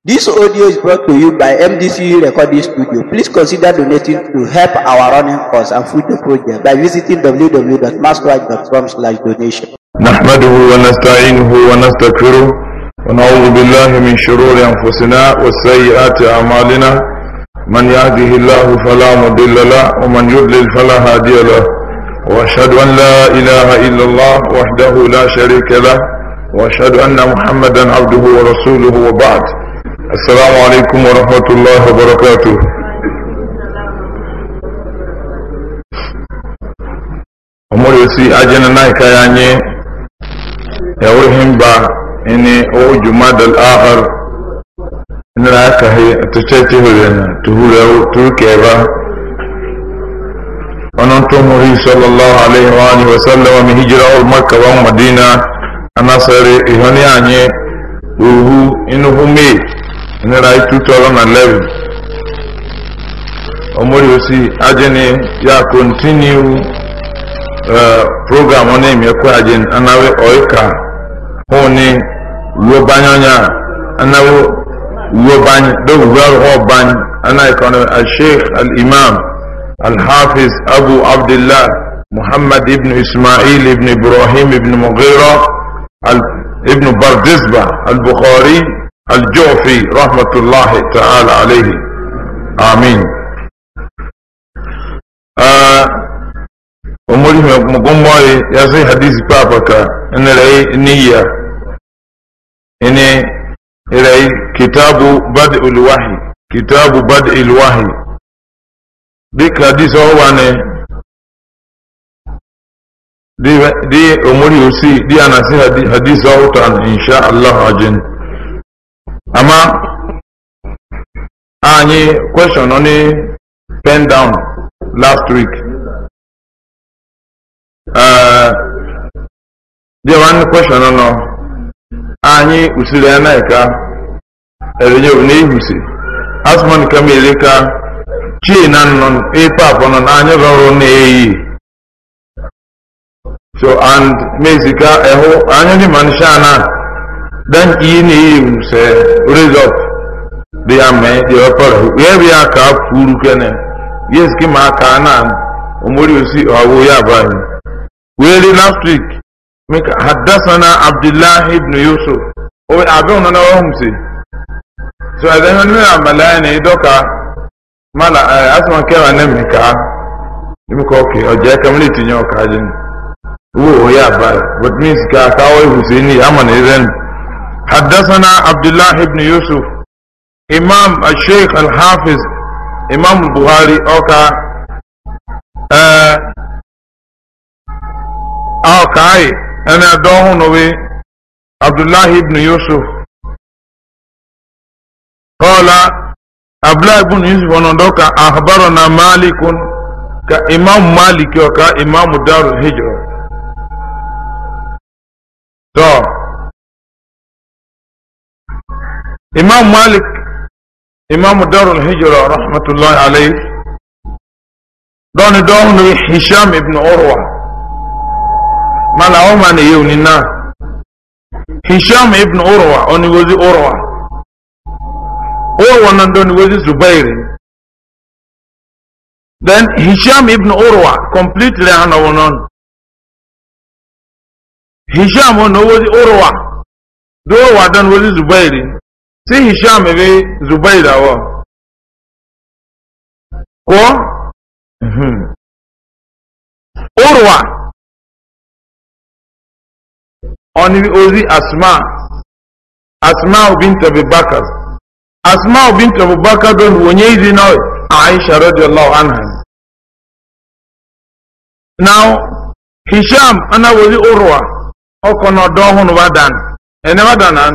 This audio is brought to you by MDCU Recording Studio. Please consider donating to help our running costs and future project by visiting www.maskwatch.com slash donation. نحمده ونستعينه ونستغفره ونعوذ بالله من شرور أنفسنا وسيئات أعمالنا من يهده الله فلا مضل له ومن يضلل فلا هادي له وأشهد أن لا إله إلا الله وحده لا شريك له وأشهد أن محمدا عبده ورسوله وبعد السلام عليكم ورحمة الله وبركاته أمور يسي أجنا نايكا يعني يورهم با إني أو جماد الآخر إن رايكا هي تشاته لنا تهولو تركي با وننتم صلى الله عليه وآله وسلم من هجرة مكة ومدينة أنا سأري إهاني عنه وهو إنه ميت nira two thousand and eleven omori osi ajini ya continue uh, program ọ̀nà ìmẹ̀kọ́ ajini anáwó ọ̀ẹ́ka hún ní wíwọ́bányányá anáwó wíwọ́bányá dókòwò ọ̀bányá anáyẹ̀kọ́ ọ̀nà al-sheikh al-imam al-hafiz abu abdullah muhammad ibn ismail ibn ibrahim ibn mughira ibn bardisba al الجوفي رحمة الله تعالى عليه آمين وموليه آه، مقومي يزي حديث بابك إن الأي نية إن الأي كتاب بدء الوحي كتاب بدء الوحي ديك حديث هو أنا دي دي أموري وسي دي أنا سي حديث أوتان إن شاء الله عجن ama anyị question onye pen down last week eh, dị nwanne question nọ anyị usiri ya na ịka erenye bụ n'ihusi asụmọn ka ma ka chii na nnọ ịpa afọ nọ na anyị rọrụ na-eyi so and mezika ehu anyị ndị manisha na dan ine yin se raise up de ame de opera we bi aka furu kene yes ki ma ka na umuri osi awo ya ba we ri last week hadathana abdullah ibn yusuf o abi ona na si so adan han amala ne doka mala eh, asma ke wa ne mika ibi ko ke o je kamri tinyo ka jin wo ya ba means ka ka wa husaini حدثنا عبد الله بن يوسف امام الشيخ الحافظ امام البخاري اوكا آه، اوكاي انا دوهنوي عبد الله بن يوسف قال عبد الله بن يوسف ونندوكا اخبرنا مالك كامام مالك وكامام دار الهجره إمام مالك إمام دار الهجرة رحمة الله عليه دون دون هشام ابن أروى ما لا لعوما نيوننا هشام ابن أروى أني وزي أروى أروى نندون وزي زبير then هشام ابن أروى completely أنا ونون هشام ونوزي أروى دور ودن وزي زبير si hisham bi zubaida wo ko mhm. urwa oni bi ozi asma asma bint abubakar asma bint abubakar don wonye izi na aisha radiyallahu anha now hisham ana wozi urwa okono do wadan ene Wadan wadanan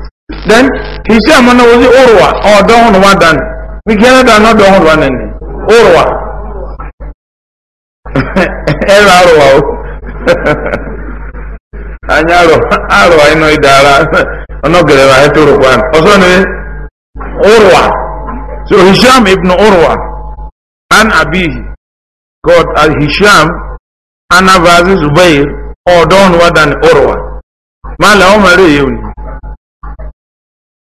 then hisham na ozi urwa ọdọ ọhụrụ nwa dan bigere dan ọdọ ọhụrụ nwa nene urwa ẹrọ arụwa o anyị arụ arụwa ịnọ ịdara ọnọgere ma etoro kwan ọsọ na urwa so hisham ibn urwa an abihi god al uh, hisham anavazi zubair ọdọ ọhụrụ nwa dan urwa ma la ọmọ rẹ eh, yẹ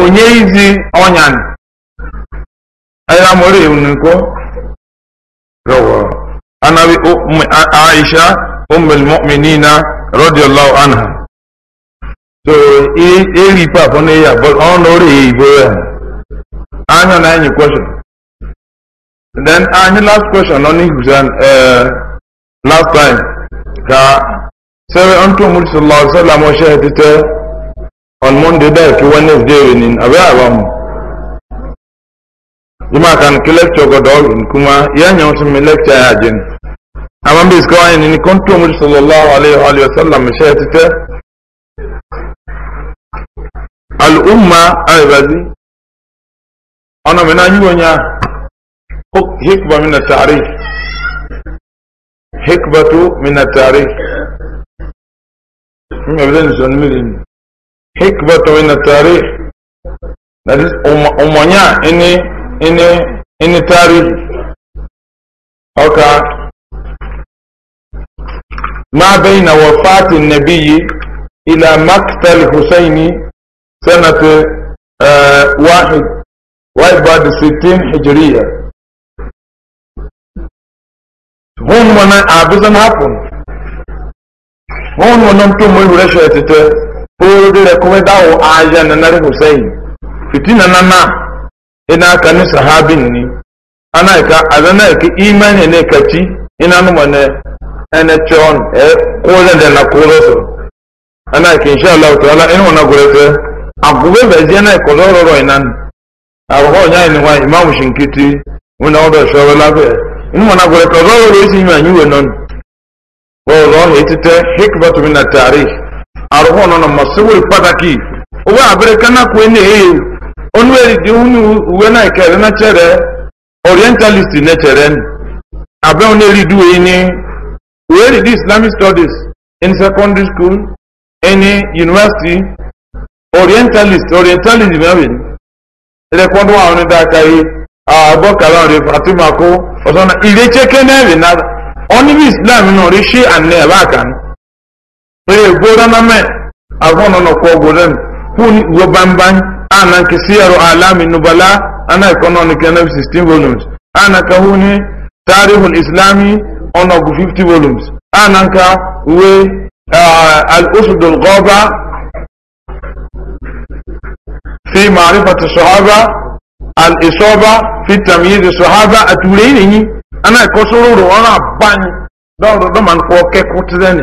onye izi ọnyan ayamori uniko rawa anabi aisha ummul mu'minina radiyallahu anha so eri pa fo ne ya but on ore ibo anya na any question And then any last question on Husain uh, eh, last time ka sebe antu muhammad sallallahu alaihi wasallam on monday there ki wednesday evening abe abam juma kan ki lecture go dog kuma ya nyaw sun mi lecture ya jin amma bis ko ayin ni kontu mu sallallahu alaihi wa alihi wasallam shaytata al umma ay bazi ana mena yi wonya hikba min at-ta'rif hikbatu min at-ta'rif mi abdan sun mi hikmatu من التاريخ tarikh that إني إني ini ini ini ما بين وفاة النبي إلى مقتل حسين سنة آه واحد واحد بعد ستين هجرية هون من أبزن آه، هون من نمتو مرور شهتتين oore dere kuma dawo aja na nare husaini fitina na na ina ka ni sahabin ni ana ka azana ka na ne ka ci ina no mane ene chon e kore de na kore so ana ka insha Allah ina wana be na ko ro ro ina arho nya ni wa imam shinkiti una odo ina wana ro ro isi ro hitete hikmatu min aruhu ono ma siwe pataki uwe abere kana ku ene e onu eri di unu uwe na ikere na chere orientalist na chere abe onye eri du ini uwe eri di islamic studies in secondary school any university orientalist orientalist na bi rekwondo wa onu da kai abo kala ori fatima ko osona ile cheke na bi na oni islam no ri shi an ne ee gora na me agona no ko goren kun go bamban ana ke siyaru alami nubala ana economic and 16 volumes ana ka huni tarikh al-islami on of 50 volumes ana ka we al-usd al-ghaba fi ma'rifat as-sahaba al-isaba fi tamyiz as-sahaba atulini ana ko suru ro ana ban do do man ko ke kutzenin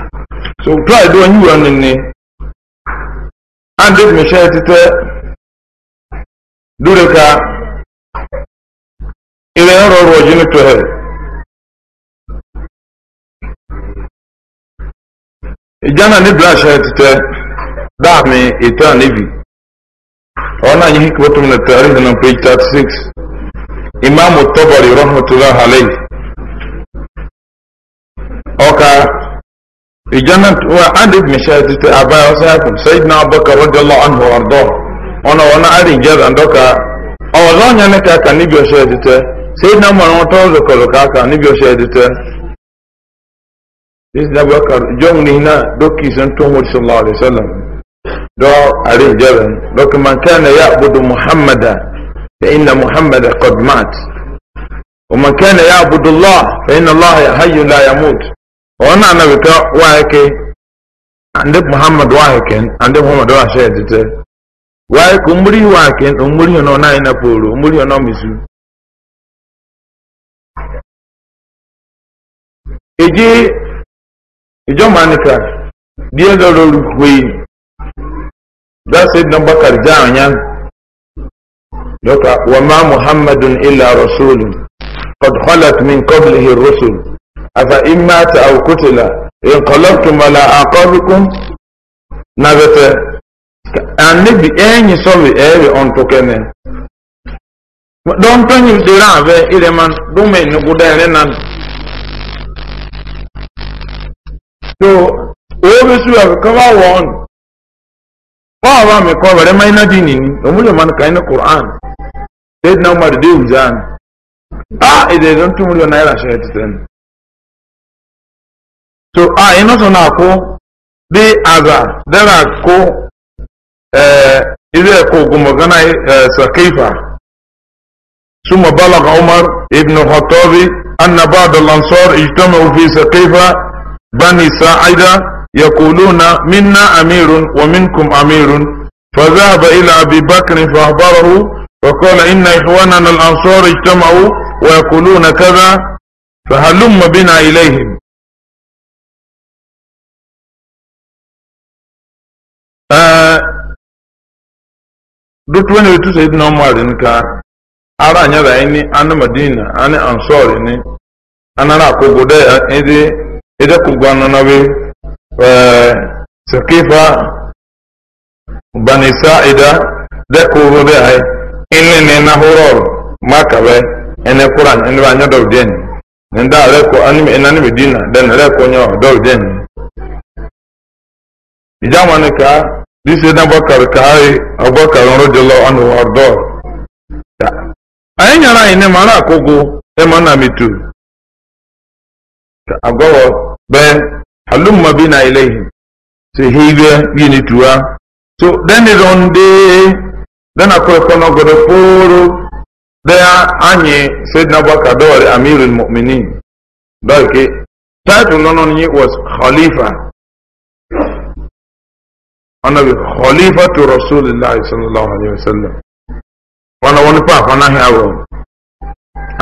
so try do onye iwe nini andrew michel tite dure ka ilẹ̀ ọ̀rọ̀ ọ̀rọ̀ ọ̀jì ní tòhẹ̀ ìjánà ní blanche tite dáàmì ètò àníbì ọ̀nà yìí kí wọ́n tún lè tẹ̀lé ìdáná page thirty six imaamu tọ́bọ̀lì rọ́hùn ìjọ́nà wàhálì ibn shahid ti àbáyọ a sayidina abubakar rọjọlọ anhu ọdọ ọ̀nà wọn àrí ìjẹ́rà ndọ́ka ọ̀wọ̀dọ́ ọ̀nyẹ́ ní kàkà níbi ọ̀ṣẹ́ ẹ̀dítẹ́ sayidina mọ̀ràn wọn tọ́wọ́ zọkọ̀lọ̀ kàkà níbi ọ̀ṣẹ́ ẹ̀dítẹ́ sayidina abubakar jọ́hun ní iná dókì sàn tó mọ̀ sọ̀lá ọ̀rẹ́ sẹ́lẹ̀m dọ́ àrí ìjẹ́rà dọ́kì mankana ya abudu muhammada fa inna muhammada qad mat wa mankana ya abudu allah fa inna allah ya la yamut ona anabika waike ndị muhammadu waiken ndị muhammadu wa shedite waike umuri waiken umuri ono na ina poro umuri ono misu eji ijo manika die loro rukwei that said number karja anya doka wa ma muhammadun illa rasulun qad khalat min qablihi ar afa in mata aw kutila in qalabtum ala aqabikum nabata bi enyi sobi ebe onto kene don tonyi dira ave ile man dume ni gudere nan so obe su ya kama won ba ba me ko bare mai na dini ni umule man kai na qur'an na umar dai uzan ah ide don tumuri na ira shaytan so a ina suna ko bi aza dara ko ile ko gumo gana sakifa ثم بلغ عمر ابن الخطاب أن بعض الأنصار اجتمعوا في سقيفة بني ساعدة يقولون منا أمير ومنكم أمير فذهب إلى أبي بكر فأخبره فقال إن إخواننا الأنصار اجتمعوا ويقولون كذا فهلم بنا إليهم dutu ne tu sayyidina umar din ka ara nya da ni an madina an ansor ni anara ko gode ede ede ku gwana na we eh sakifa bani sa'ida da ko gode ai inni ne na horor maka be ene quran ene ba do den nen da re ko an enan medina den re ko nya do den ijama ka This is Abubakar Kai Abubakar Rojolo anụ Ardo. Anyị nyere anyị n'ịmara akwụkwọ ịma na mitu. Agwọwọ be alụmma bi na ilehi si ha iwe bi n'ituwa. So deni ronde dena kwekwa n'ogodo pụrụ de anyị na Abubakar dọwara Amirul Mu'minin. Dọọ ike, title nọ n'onye was Khalifa. ọ̀nà bí kọlífàtò rasulillah sallallahu alayhi wa sallam wọn wọn nípa àfọnáhì àwọ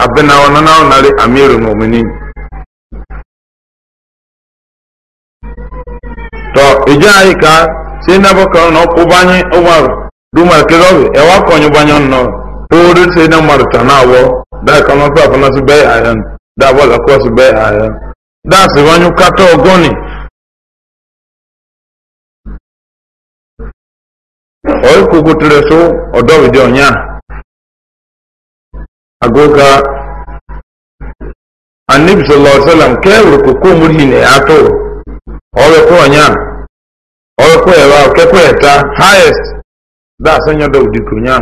abẹ́nà wọn nánà wọn nàrí tọ ìjà àyíká sí nàbọ kan náà kó bányé umar dumar kéròbì ẹwà kọnyú bányé nọ na sí na umar tànà àwọ dáì kan wọn oyi kukutere so ọdọ bidio nya agoka anabi sallallahu alaihi wasallam kẹwìrì kókó múlì ní ato ọrẹ kọ ọnya ewa kọ eta kẹkọ ẹta highest dá asẹnyẹ dọ òdìkù nya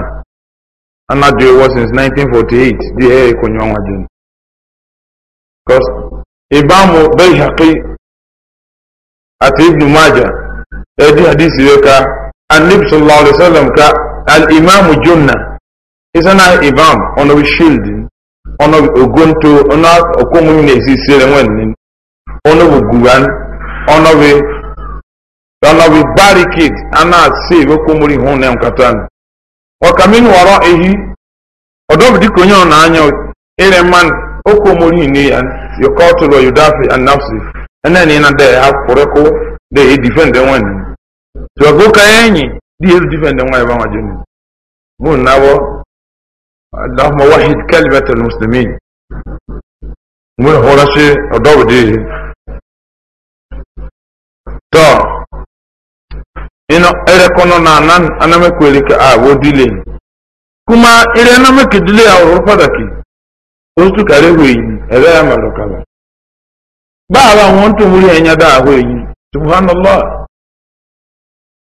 anadu ewọ since 1948 di ẹ e kọnyọ wọn jù because ìbámu bẹ́ẹ̀ yàtọ̀ àti ibnu maja edi hadisi hadith rẹ النبي صلى الله عليه وسلم كا الإمام جنة إسنا إمام أنا بشيلد أنا بأغنتو أنا أكون من إسيسير وين أنا بغوان أنا ب أنا بباركيد أنا سيف أكون من هون نعم كتان وكمن ورائه أدوب دي كونيو نانيو إلى من أكون من هنا يقاتل ويدافع عن نفسه أنا نينا ده هاف كوريكو ده يدفن ده وين tụbabuka enyi dị elu difende nwa ịba jini mun nabo allahumma wahid kalimata almuslimin mun hora shi odobu di to ino ere kono na nan aname ka a wo dile ire na dile a otu kare weyi ebe ya malokala ba ba won to da yi subhanallah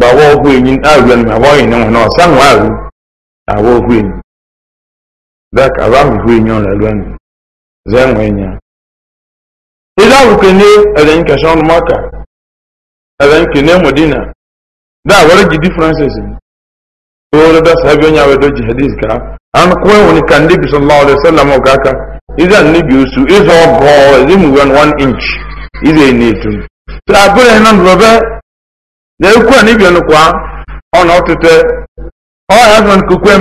bàwọ́ ọkọ̀ èyí àrùn ẹni àwọ̀ èyí ni wọn náà sáwọn àrùn àwọ̀ ọkọ̀ èyí bẹ́ẹ̀ àwọ̀ àrùkọ̀ èyí ọ̀rẹ́ lọ́nà zẹ́wọ̀n ẹ̀yà. ilé àrùkọ̀ ní ẹ̀rẹ̀yìn kẹsàn án mọ́kà ẹ̀rẹ̀yìn kìíní mọ̀dínà dáa wọ́n jì differences ni. owó dá sábì onye àwọn ẹ̀dọ́ jihadis ka àwọn kọ́ ẹ̀wọ̀n ní kàndé bisọ̀ lọ́wọ́ ọ̀rẹ́ sẹ́lẹ̀m ọ̀gáka ìzà níbi oṣù ìzọ̀ ọ̀bọ̀ ẹ̀dínwó one inch ìzà ẹ̀ ní ètò. tí àbúrò ẹ̀ náà lọ bẹ́ẹ̀ na ekwu a n'ibia n'ụkwa ọ na ọtụtụ ọ zọ nkuku e o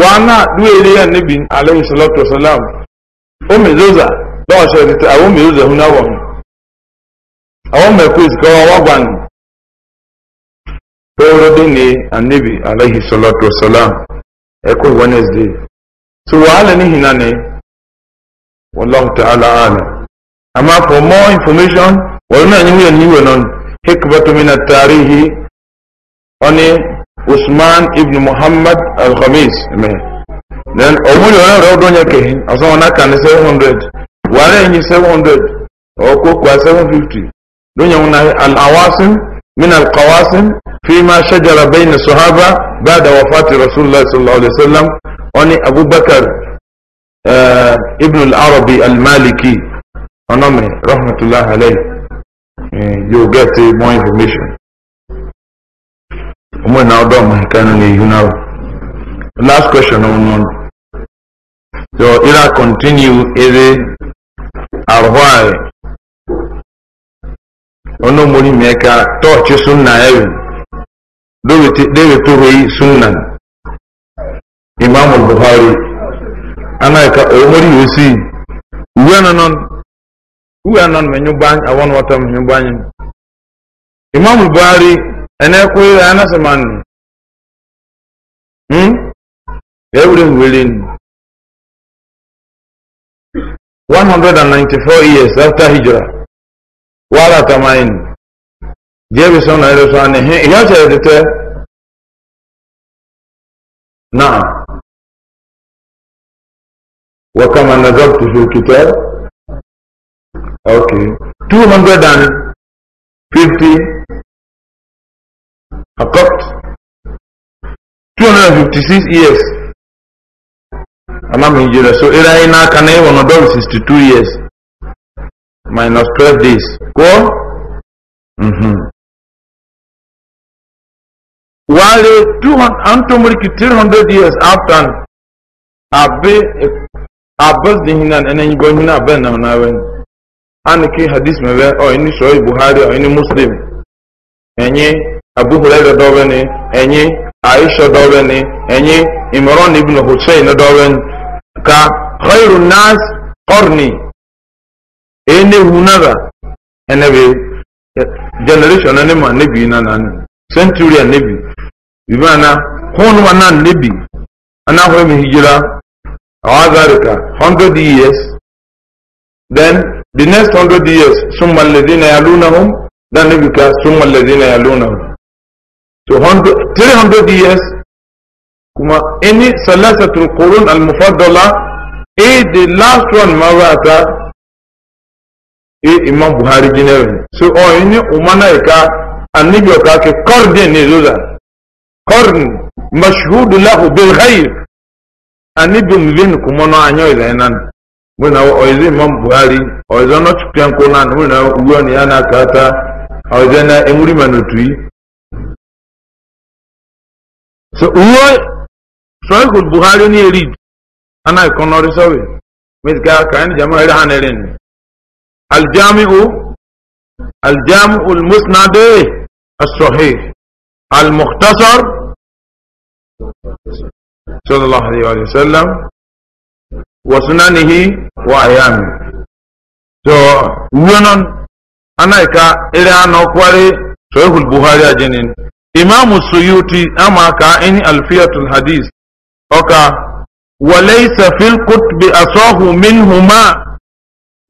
wa na duwe ere ya n'ebi alayhi salatu o mezoza lọọsọ etete awọ mezoza hụ n'awọ hụ awọ mekwez ka ọwa gwan pere dị ne anabi alayhi salatu أما for more information ولنا نمي نيو نون حكبة من التاريخ أن عثمان ابن محمد الخميس مه نن أول يوم رأو دنيا كه أصلا أنا كان 700 وانا إني 700 أو كو 750 دنيا هنا الأواسم من القواسم فيما شجر بين الصحابة بعد وفاة رسول الله صلى الله عليه وسلم أني أبو بكر ابن العربي المالكي ọ̀nàmì rahmatulah alayhi eh, yóò gẹ́tì more information ọmọ ìná ọdọ ọmọ ìkànnì ní ìhùn last question ọmọ náà ira continue ere arhoare ọ̀nàmọ́ni sunna ẹ̀rù déwì tó sunna imam buhari anáyíká ọmọ ìwé sí ìwé náà náà. uwe anọ mgbe nyụgbany awọ na wọtọ mgbe nyụgbany imam buhari ene kwuo ya anasị ma nne hmm 194 years after hijra wala tamayin jebi sọ na ere sọ ihe ọ chere dịte na wakama nazartu fi Okay. 250 adopt 256 years ana m ijere so ịra anyị n'aka na ịwụ na dọl 62 years minus 12 days kwụọ mm-hmm. wale antomriki 300 years after abe abes dị hinan enenyigo hinan abịa na nawen aniki hadis mebe o ini shoyi buhari o ini muslim enyi abu hurairah dobe ni enyi aisha dobe ni enyi imran ibn husayn dobe ka khairu nas qarni ene hunaga enebe generation ne ma nebi na nan century nebi bimana hon wana nebi ana ho mi hijira awagarika 100 years then the next hundred years summa alladhina yalunahum dan nabi ka summa alladhina yalunahum to 300 years kuma any salasatul qurun al mufaddala eh the last one mawata eh imam buhari jinere so o oh, ini umana ka annabi ka ke qarden ne zuza qarn mashhud lahu bil ghaib annabi mvin kuma no anyo zainan muna oizi imam buhari oizi ono nkona konan muna ni ana kata oizi na emuri manutui so uwe sahih buhari ni read ana ikonori sawe mitka kan jama ira hanelen al jami'u al jami'u al musnad as sahih al mukhtasar sallallahu alaihi wa sallam wa sunanihi wa ayami so yonon anaika ile ano kwari sahih al-buhari ajinin imam suyuti ama ka in alfiyat al-hadith oka laysa fil kutb asahu minhuma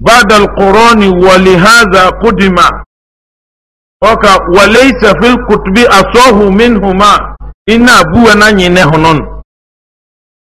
بعد القرآن ولهذا قدم وكا وليس في الكتب أصاه inna إن أبونا ينهنون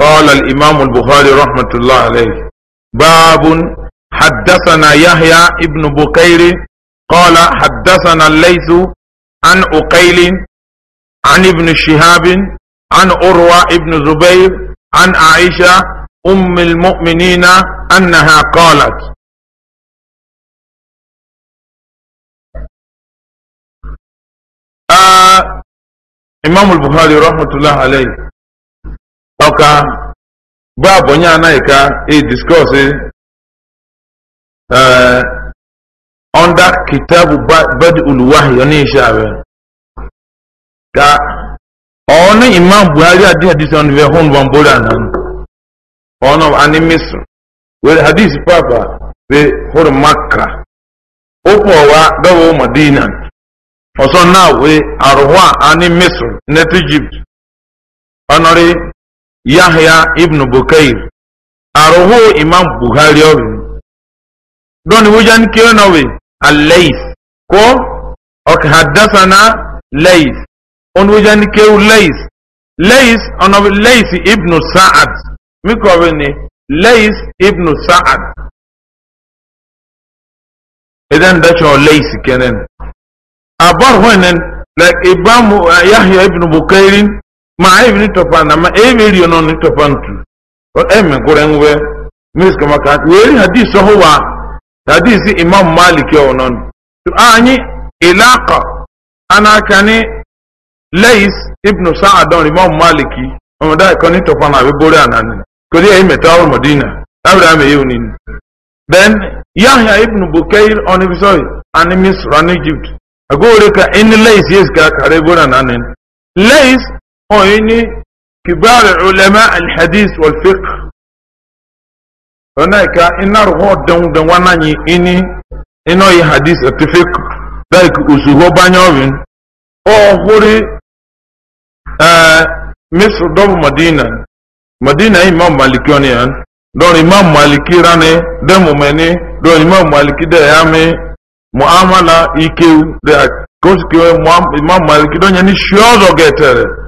قال الإمام البخاري رحمة الله عليه باب حدثنا يحيى ابن بكير قال حدثنا الليث عن أقيل عن ابن شهاب عن أروى ابن زبير عن عائشة أم المؤمنين أنها قالت آه إمام البخاري رحمة الله عليه ọka bab onye anaghị e e, e, ka ediskọsị ee onda kitabu bad uluwahi onisha abe ka ọnụ imam buhari adị hadis ọnụ ve hụn bọ mbụrụ ana ọnụ ani misr were hadis papa ve hụrụ makka ụkwụ ọwa gawa madina ọsọ na we arụhụ ani misr net egypt ọnọrị yahya ibn bukair aroho imam buhari ọrùn don hujan kiranawe al-lays ko ok haddasana lays on hujan kiru lays lays ono lays ibn sa'ad mikowe ne lays ibn sa'ad idan da cewa lays kenan abar wannan like ibn uh, yahya ibn bukairin ma ebi ni topan na ma ebi eri ono ni topan tu eme gure ngwe mis kama ka weri hadis ho wa hadis imam malik yo non to anyi ilaqa ana kani lais ibn sa'ad imam maliki on da ko na topan abi gure anani ko ni eme tawo madina abra me yuni then yahya ibn bukair on ibisoy an misr an egypt agore ka in leis yes ka kare anani lais هنا كبار علماء الحديث والفقه هناك إن رغو دون دون إني إنه يحديث الفقه ذلك أسوه بانيوين أو هوري آه مصر دوب مدينة مدينة إمام مالكيونيان دون إمام مالكي راني دمو مني دون إمام مالكي دي أمي معاملة إيكيو دي أكوسكيو إمام مالكي دون يعني شوزو جيتره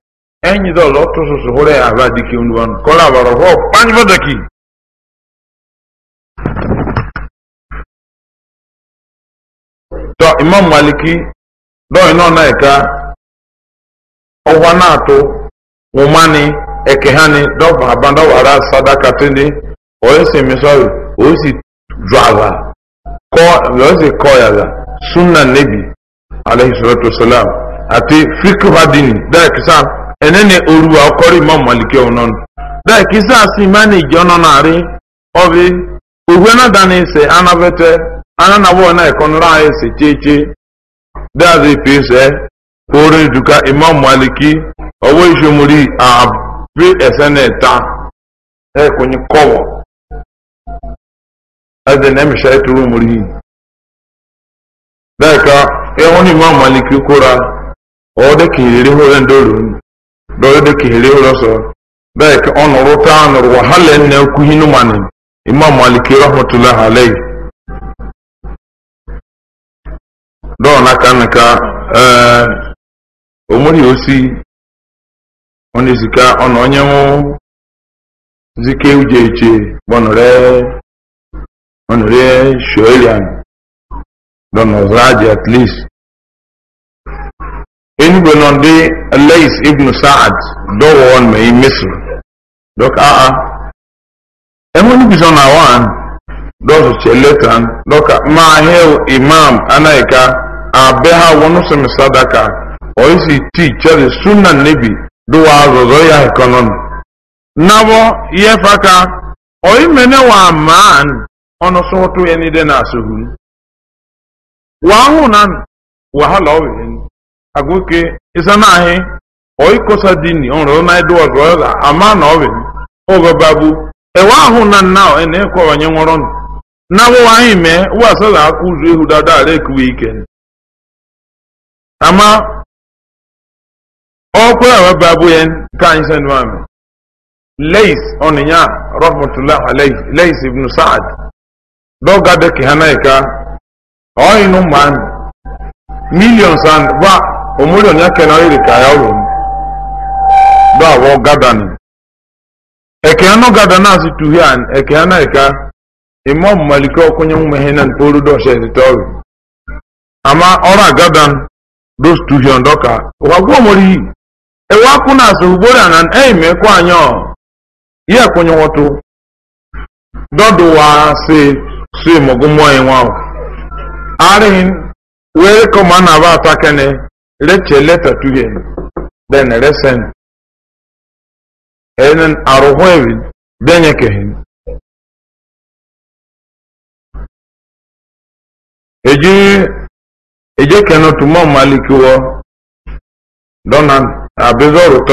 enyi dɔ lɔ tó soso hore a ba di kiw nuwan kɔla baro imam maliki dɔw yi nɔɔ na yi ka ɔwa naa to ŋumani ɛkɛhani dɔw fa ban dɔw ara sadaka tende ɔyɛ semisɔri ɔyɛ si do ala kɔ ɔyɛ si kɔ e sunna nebi alayhi salatu salam ati fikir hadini ene enene oruwa ọkọrọ imam maliki ọhụnọn bẹẹ kisa asi mani jọnọ narị ọbi ogwe na dani se anabete ananabọ na na ẹkọnọrọ anyị se cheche dazi pese pore duka imam maliki ọwọ isomori abi ese na ẹ kọnyi kọwọ ẹdẹ na ịtụrụ ẹtụrụ mori bẹẹ ka ẹ wọn imam maliki kura ọ dị ka iri hụrụ ndị ọrụ dɔwɛ de kihele wolo sɔ bɛɛ kɛ ɔnuru taanuru wa hali ɛnɛ imam maliki rahmatulah alayi dɔw na kan na ka ɛɛ omori osi ɔne sika ɔna ɔnyɛ zike ujeje bɔnɔrɛ bɔnɔrɛ shoelian dɔnɔ zaaji at least. enugbe nọ ndị lais ibn saad dọwọ wọn uh-uh. uh, ma yi misiri dọk aa ẹhụ ni bisọ na wan dọsụ che letan dọka ma hew imam anaika abe ha wọn sọ mi sadaka oyi si ti chere sunan nebi duwa azọzọ ya ekonon nabọ ihe faka oyi mene wa man ọnụ sọ wọtụ ya n'ide na asụhụ wahụ nan wahala ọ eh? bụ agwoke isanahi oikosa dini nọrọ na edu ogoza ama na obe ogo babu ahụ na nao na ko wanye nworo na wo anyi me wo asala akuzu ihu dada re ku weekend ama okwa wa babu yen kan sen wa me lays oninya rahmatullah alayhi lays ibn sa'ad do gade ki hanaika oyinu man millions and wa omuli onyake iri ka ya ụlọ do awọ gadani eke anọ gadani asị tuhi a. eke anọ eka imam malika ọkụnye mmeghe na mpolu dọsha ọrụ. ama ọrụ agadan dos tuhi ọndọka ụwagwa omori ewe akụ na asị ugboro na eyi ma ekwe anya ọ ihe akwụnye nwọtụ dọdụ wa si si mọgụ mmụọ enwe ahụ arịghị wee kọma na-aba atakene write a letter to him, then resend. Enen aruhwevin benyekehin. Eji eje kenu tumo maliki wo donan abizoro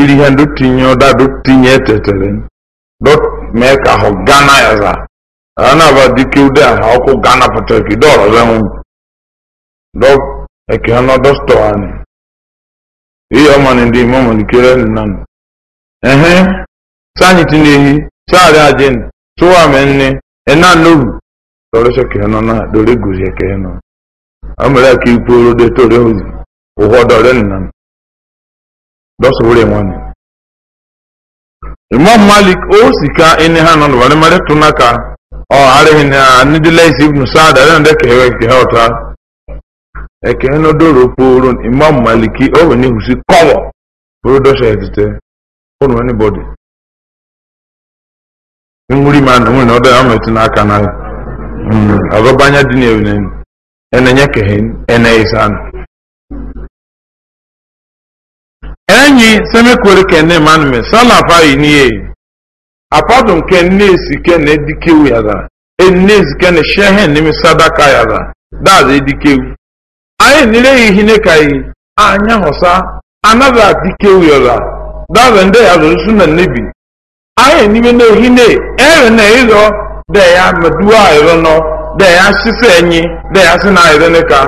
iri ihe ndụ tinye ụda tinye etetere dọt mee ka ahụ gana ya za. Ana ba dike ude ọkụ gana pụtara dọọrọ dɔb ɛkɛ hana dɔstɔ ani eyi ɔma ne de mu ne kere ne nan ɛhɛn sanyi ti nehi saare agyen towa mɛnne ɛna noru lɔre sɛ na lɔre gu sɛ kɛ amara ke iporo de to dɔre ne nan o sika ɛne ha na ɔ ibnu saada ɛna de eke no doro purun imam maliki owe ni husi kowo puru do se ekite onu anybody nwuri ma na nwere odo ama etu n'aka na ọzọ mm, banya dị na ewune ene nye kehen ene isan enyi semekwere kene manume salafa yi niye apadu nke nne nnesi kene dikewu yada ennesi kene shehen nimi sadaka ya yada dazi dikewu anyị nire ihine kai anya hosa another dike uyola dawe nde ya zo suna nebi anyị nime na ihine ere na izo e, e da ya maduwa ero nọ da ya shise enyi da ya si na ere ne ka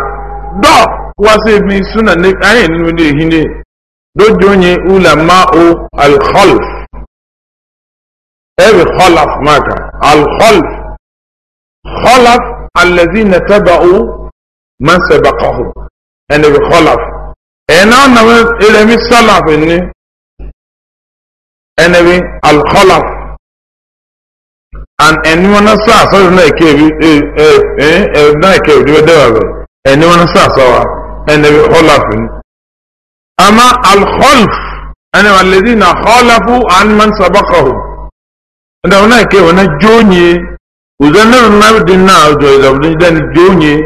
do kwasi bi suna ne anyị nime na ihine dojo onye ulama o alkhalf ebe khalaf maka alkhalf khalaf الذين تبعوا من سبقه يعني أنا بخلف أنا أنا إلى من إني أنا بي الخلف أن من سلف أنا كيف أنا كيف دي بدأ أني من سلف أنا بخلف أما الخلف أنا الذين خالفوا عن من سبقهم أنا هناك هنا جوني وزنر النبي دينا وزنر النبي جوني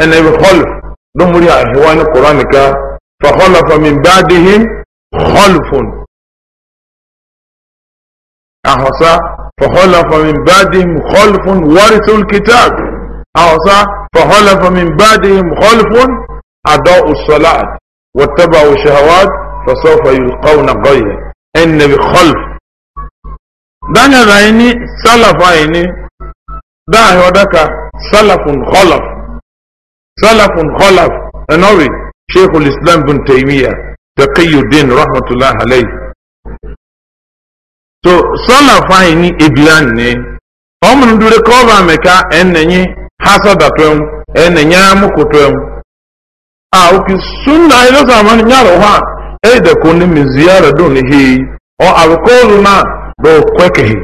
أن يخلف دمري إخوان قرانك فخلف من بعدهم خلف أحصى فخلف من بعدهم خلف ورث الكتاب أحصى فخلف من بعدهم خلف اداء الصلاة واتبعوا الشهوات فسوف يلقون غيه إن بخلف دانا رايني سلف عيني هو دكا سلف خلف salafun khalaf ẹnọri sheikh islam bin taimiya taqiyuddin rahmatulah alayhi so salafan ni ebilan ni ọmọ nínú dúró kọ́ọ̀bà mẹ́ka ẹnẹ̀yìn hasada tó ẹ̀mú ẹnẹ̀yìn amúkò amụkwụ ẹ̀mú a òkè sunna ẹ̀rọ sàmán nyàrá wa ẹ̀dẹ̀ kò ziyara dùn ní hìí ọ àrùkọ́ọ̀lù náà lọ́ọ̀ kwẹ́kẹ̀hì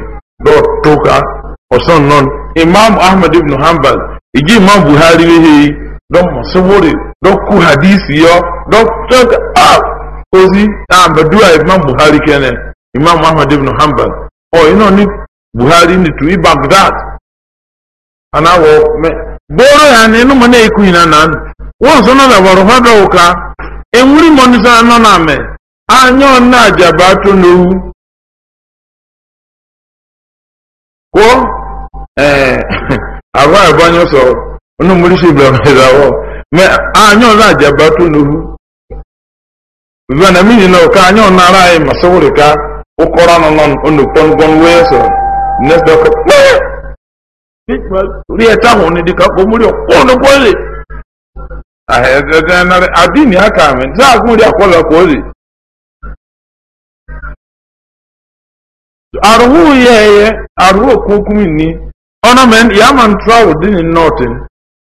imam ahmed ibn hanbal don musumuri don ku hadisi yo don don ah ozi ah badua imam buhari kene imam ahmad ibn hanbal o oh, ino ni buhari ni tu baghdad ana wo me boro ya ne no mane iku ina nan so na da woro enwuri mo ni no na me anyo na ajaba no ko eh so onu mulisi blameza wo me anyo la jabatu nuhu vana mini no ka anyo na rai masawuri ka ukora no non onu kon gon weso nes do ko ri eta ho ni dika ko muri ko no ko a he na adini aka me za akola ko aruhu aruhu ona men yaman dinin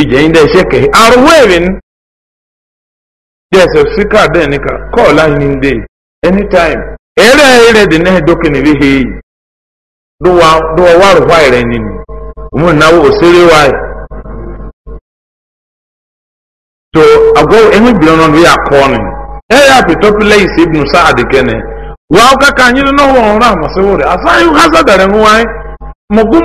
e dẹ iṣẹ kẹ àrùwọ èrè Yes, jẹsẹ síkà bẹẹ ni ká kọọlá ní dé anytime èrè èrè dì náà dókè ní wíhe yìí dùwà dùwà wà rùwà èrè ni ni òun ìnáwó òṣèré wa yìí tó àgọ ẹni bìrọ náà ló yà kọ ni ẹ yà pìtọ́ pílẹ̀ yìí sí ibùn sáàdì kẹ́ni wà á kàkà anyi nínú wọn asa àmọ̀sẹ́wò rẹ̀ àsáyé hásàdàrẹ̀ ń wáyé mọ̀gún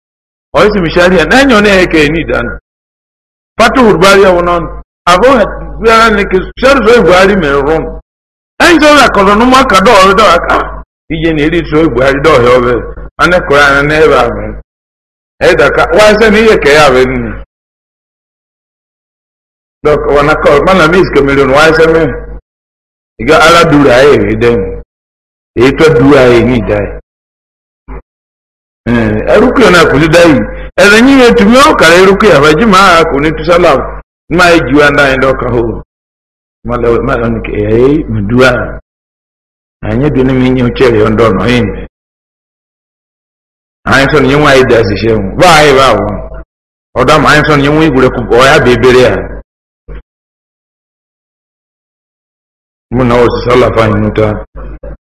oisi misharia nenyo ne ke ni dana patu urbaria wonon ya biara ne ke sharu so ibari me ron en so la ko no maka do do aka ije ne ri so ibari do he obe ane qur'an ne ba me e da ka wa se ni ya dok wana mana wa me ala dura e, den dura e, ni ẹrúkú yẹn náà kò sí dáyì ẹ̀rẹ̀ yín yẹn ya ọ̀kàrà ẹrúkú yẹn àbájú máa kò ní túsálà máa yẹ ju andá yẹn dọ́ka hó máa lọ nìkẹ́ ẹ̀ẹ́ ma àyẹ̀ bí ní mi yẹn ọ̀kyẹ́ rẹ̀ ọ̀dọ́ ọ̀nà yẹn mẹ́ àyẹ̀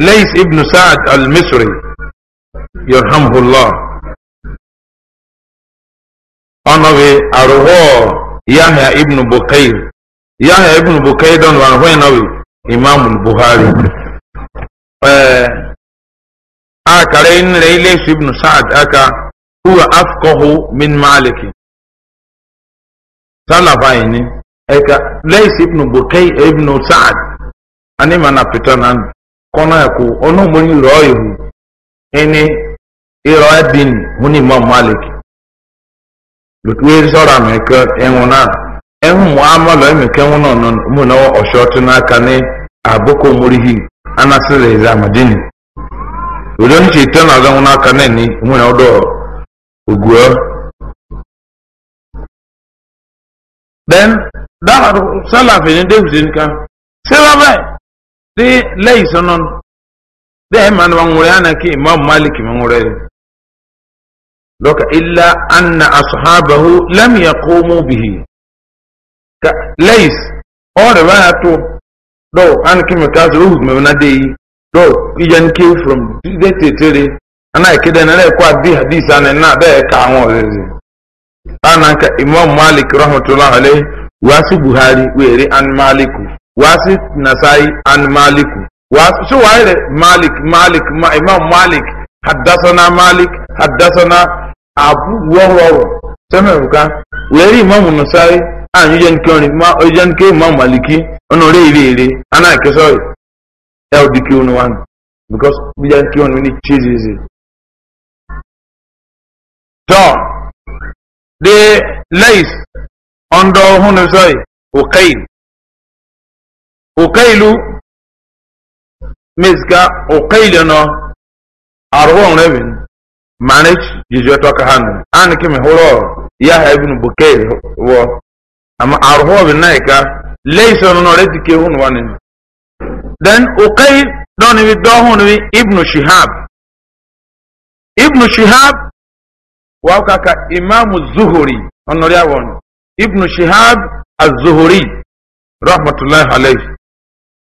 ليس ابن سعد المصري يرحمه الله أنا في بأروه يحيى ابن بكير يحيى ابن بكير دون وانا وين إمام البخاري آه، أكرين ليس ابن سعد أكا هو أفقه من مالك سلفين أكا ليس ابن بكير ابن سعد أنا ما نفتنان kọ́nà ẹ̀kú ọlọ́mọrí rọ ìhù ẹni ìrọ ẹ̀bìn ịrọ ní imam malik lùtúwérí sọ̀rọ̀ àmì ẹ̀kọ́ ẹ̀hún náà ẹ̀hún mu amọ̀lọ́ ẹ̀mí kẹ́hún nọ mú náà ọ̀ṣọ́ tó náà ká ní àbókò múrihì anásílẹ̀ ụdị àmàdínì òjò ní ṣètò na then dáhà ti lẹ́yìn sọ́nà bẹ́ẹ̀ máa ní wọn wúrẹ́ àná imam malik mi wúrẹ́ rẹ̀ lọ́kà ilá anna asuhabahu lẹ́mìíyà kó mú bìhì lẹ́yìn ọ̀rẹ́ bá yà tó dọ́w àná kí mi káàsì rúhù mi náà dé yìí dọ́w ìyẹn ní kéwù from dídé tètèrè àná ìkéde náà lẹ́kọ́ hadith ka imam malik buhari an wasi nasai an maliku wasi so waire malik malik ma imam malik haddathana malik haddathana abu wawro sama ruka wari imam nasai an yujen koni ma yujen ke imam maliki ono re ire ire ana ke so el dik you know one because yujen ke on ni cheese so de lais ondo hunu sai uqail ukailu miska ukailu no arwon revin manage jijo toka hanu an kimi horo ya ibn bukair wo amma arho bin naika laysa no reti ke hun wanin then ukail don wi do hun wi ibn shihab ibn shihab wa kaka imam az-zuhri onori awon ibn shihab az-zuhri rahmatullahi alayhi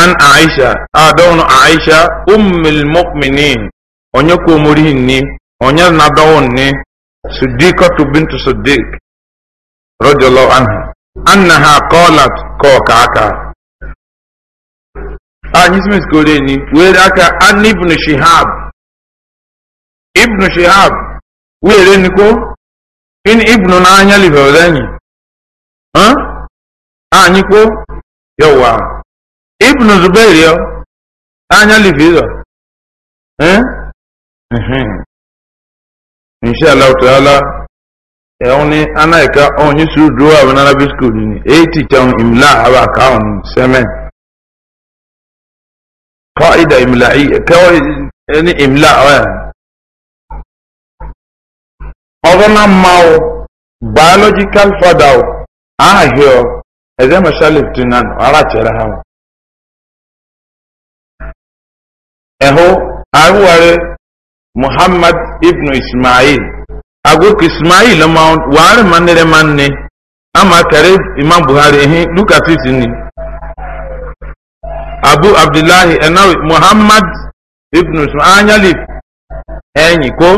an aisha a adon aisha ummul mu'minin onye ko muri ni onye na dawon ni siddiqatu bint siddiq radiyallahu anha annaha qalat ko kaka an yismi skore ni were aka an ibn shihab ibn shihab were ni ko in ibn na anya live odani ha anyi ko yawa ibn zubair yo anya livido eh insha Allah taala e oni anaika onyi su duwa na arabic school ni 80 e, town imla aba account semen qaida imla'i kawai e, e, ni imla wa ọgọ́nà mao biological father eze ẹ̀zẹ̀ mọ̀ṣálẹ̀ tìǹan ara chẹ̀rẹ̀ hàn ẹ̀hó àrùwárí muhammad ibn ismail agogo ismail ọmọ wàhálì mánirẹ mánni ama kere imam buhari ehin luka sisi ni abu abdullahi Enawi muhammad ibn ismail anyali ẹyin ko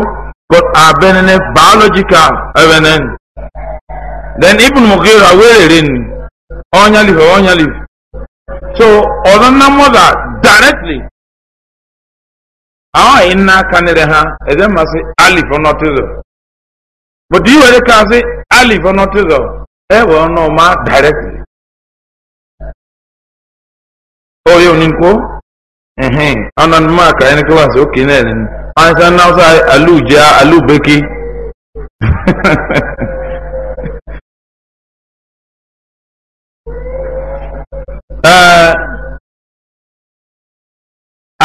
but abenene biological ẹbẹnẹn then ibn mughira wẹrẹrẹ ni ọnyali ọnyali so ọdọ mọda directly. awa yi nna aka ha eze masị alif ọnọtụzọ but i were kasị alif ọnụ e ma direct oyo oh, ninko ehe ọnọ mma ka ẹni kí wọn sọ ókè náà ẹni wọn sọ náà sọ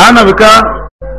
anabika.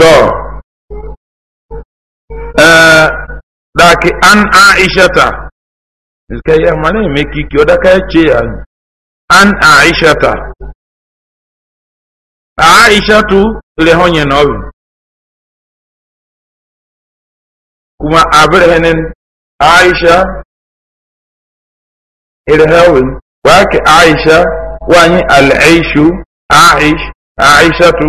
to e, daki an aishata iska yi amana mai kiki wadda ka ce ya an aishata aishatu rehonye honye obin kuma abirhanin aisha irhawin wake aisha wani al'aishu aish aishatu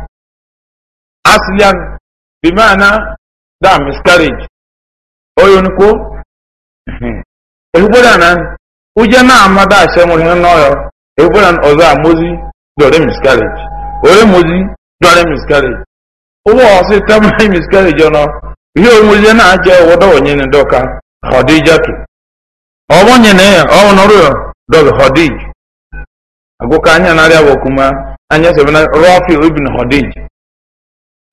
aslan bimana da miscarriage oyo na uje na amada asemu hin noyo na ozo amozi dore miscarriage ore mozi dore miscarriage owo tamai miscarriage mozi na aje wodo onye ni doka khadija tu owo nye ne owo noruyo do khadij agoka anya na ria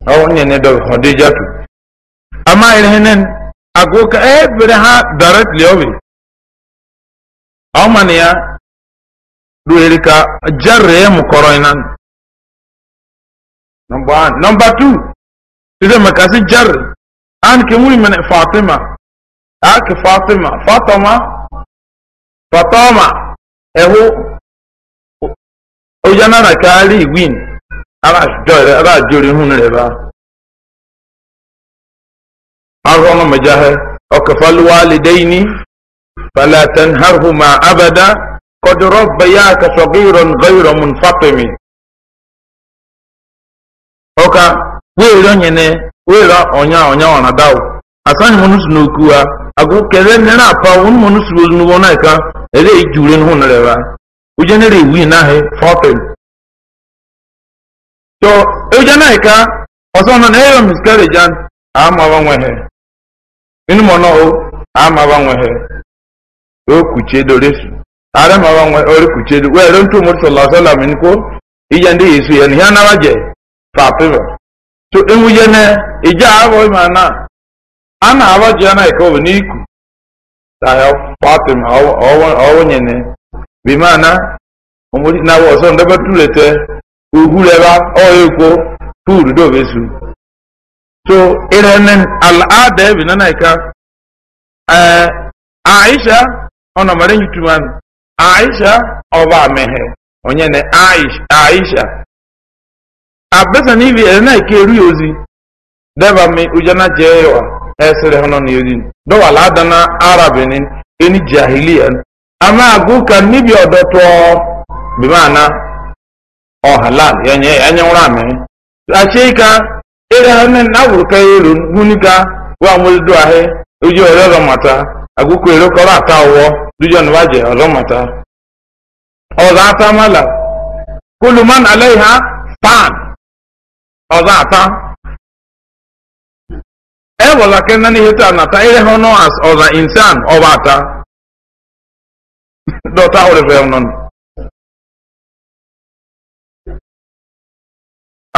awon ne da Khadija tu amma irhenen ago ka e bere ha directly owe awman ya du erika jarre mu koroinan number 1 number 2 idan makasi jarre an ke muri mana Fatima ake Fatima Fatima Fatima ehu na kali win abajori hun rẹ ba arọ́nà mẹjáhẹ́ ọkẹfàlúwàlìdẹ́yìní falatan abada ọka wéèrè ọnyẹnẹ wéèrè ọnyà ọnya ọ̀nà dáwò asányi mọnú sùn n'okú wa àgọ kẹrẹ nínú àpá wọn mọnú sùn wọn náà ká ẹlẹ́yìí jùlẹ̀ hun ba ojú ẹni rẹ̀ wí so eja na ika ọsọ nọ na eyo miscarriage an ama inu na o ama abanwehe o do resu ara ma o re do mi ija ndị yesu ya na ija abọ ịma na a na-aba na ika obi n'iku ta ya bi ma na ọmụdị na-awụ ọsọ tulete oguleba oyeko puru do besu so irenen al'ada bi nana ka eh, aisha ona mare yutuman aisha oba mehe onye ne aisha aisha abesa n'ibi bi na ke ozi deba mi ujana jewa esere hono ni ozi do wala na arabinin eni jahiliyan ama ka ni bi odoto bi ọ halal yanye yanye nwụrụ amị achị nne na elu wa mu ahe ujo ere mata aguko ero ko ata owo dujo mata ọzọ ata mala kullu man alaiha fan ọzọ ata na ta hono as insan ata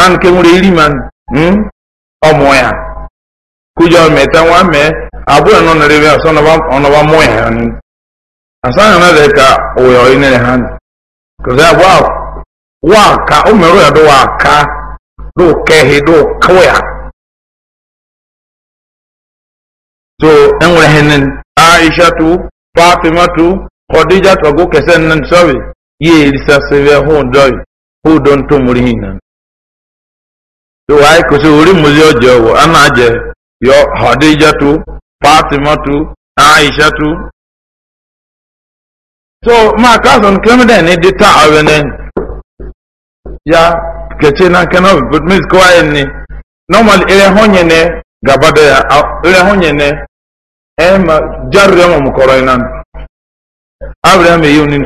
an nke nwere iri man ọmụ hmm? ya kujọ meta nwa mee abụọ nọ na rebe ọnọba mụọ ya ni asa ya na dị ka ụyọ ịnere ha kọzọ ya wa ka o merụ ya dị ka dị kawai ya so enwere aisha so wai kusi wuri muzi oje wo ana je yo hadija tu fatima tu aisha tu so ma ka son kemi da ne dita ya kece na kana but miss ko ni normal ire honye ne gaba da uh, ya ire honye ne e ma jarre mo mo koro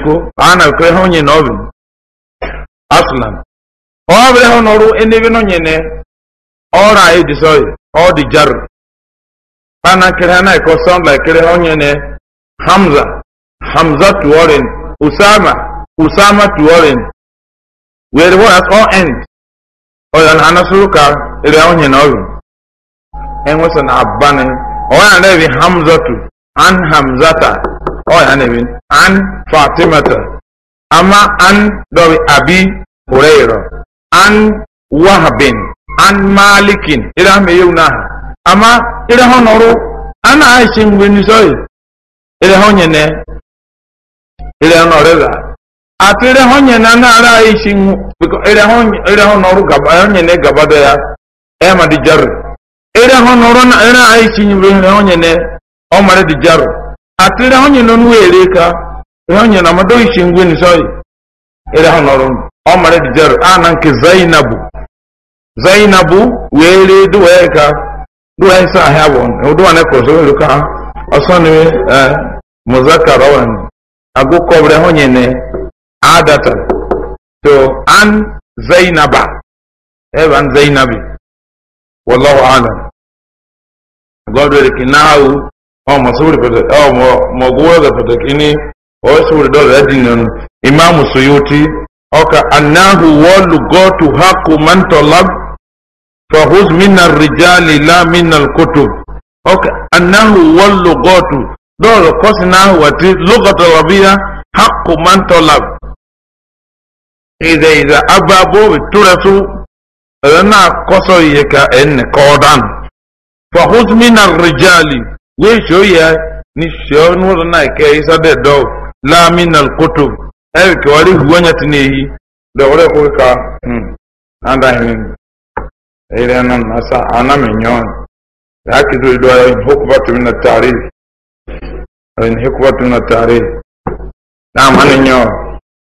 ko ana aslan ọbịa hụ n'ọrụ enebe nọ nyene ọrụ a eji sọrọ ọ dị jarụ pana kere ha na-ekọ sọnd la kere ha hamza hamza tuorin usama usama tuorin were wọ as all end ọya na ha ka ere ha nyene ọrụ enwesa na abani ọya na ebe hamza tu an hamzata ọya na ebe an fatimata ama an dọbi abi hureyra an wahabin an malikin ira me yuna ama ira honoru ana aishin wini soyi ira honyene ira honoreza ati ira honyene na ara aishin ira hon ira gaba, gaba honyene gaba da ya e ma di jaru ira honoru na ira aishin wini honyene o mare di jaru ati ira honyene nu ere ka ira honyene ma do ishin wini soyi ira honoru ọmara dijar ana ah, nke zainabu zainabu wee lee duwe ka duwe nsa ahịa bụ duwe na kọsọ wee ruka ọsọ ni eh, muzakara wan agụ kọbịrị onye ne adata to an zainaba ebe eh, an zainabi wallahu ala gọdọ rike na ahụ ọmọ sọwụrụ pẹtẹ ọmọ mọgwụwọ pẹtẹ kini ọ sọwụrụ dọla ẹdịnụ imamu suyuti أوكا أنه والغوت حق من طلب فخذ من الرجال لا من الكتب أوكا أنه والغوت دور قصنا لغة العربية حق من طلب إذا إذا أبابو ترسو لنا قصو يكا إن قودان فخذ من الرجال ويشو يا نشيون ورنا كيسا دو لا من الكتب ewe ke wali huwanya tinehi da wale ko ka hmm anda na ere nan nasa ana menyon da ke do do ayin hukbatu min at-tarikh ayin hukbatu min at-tarikh na manin yo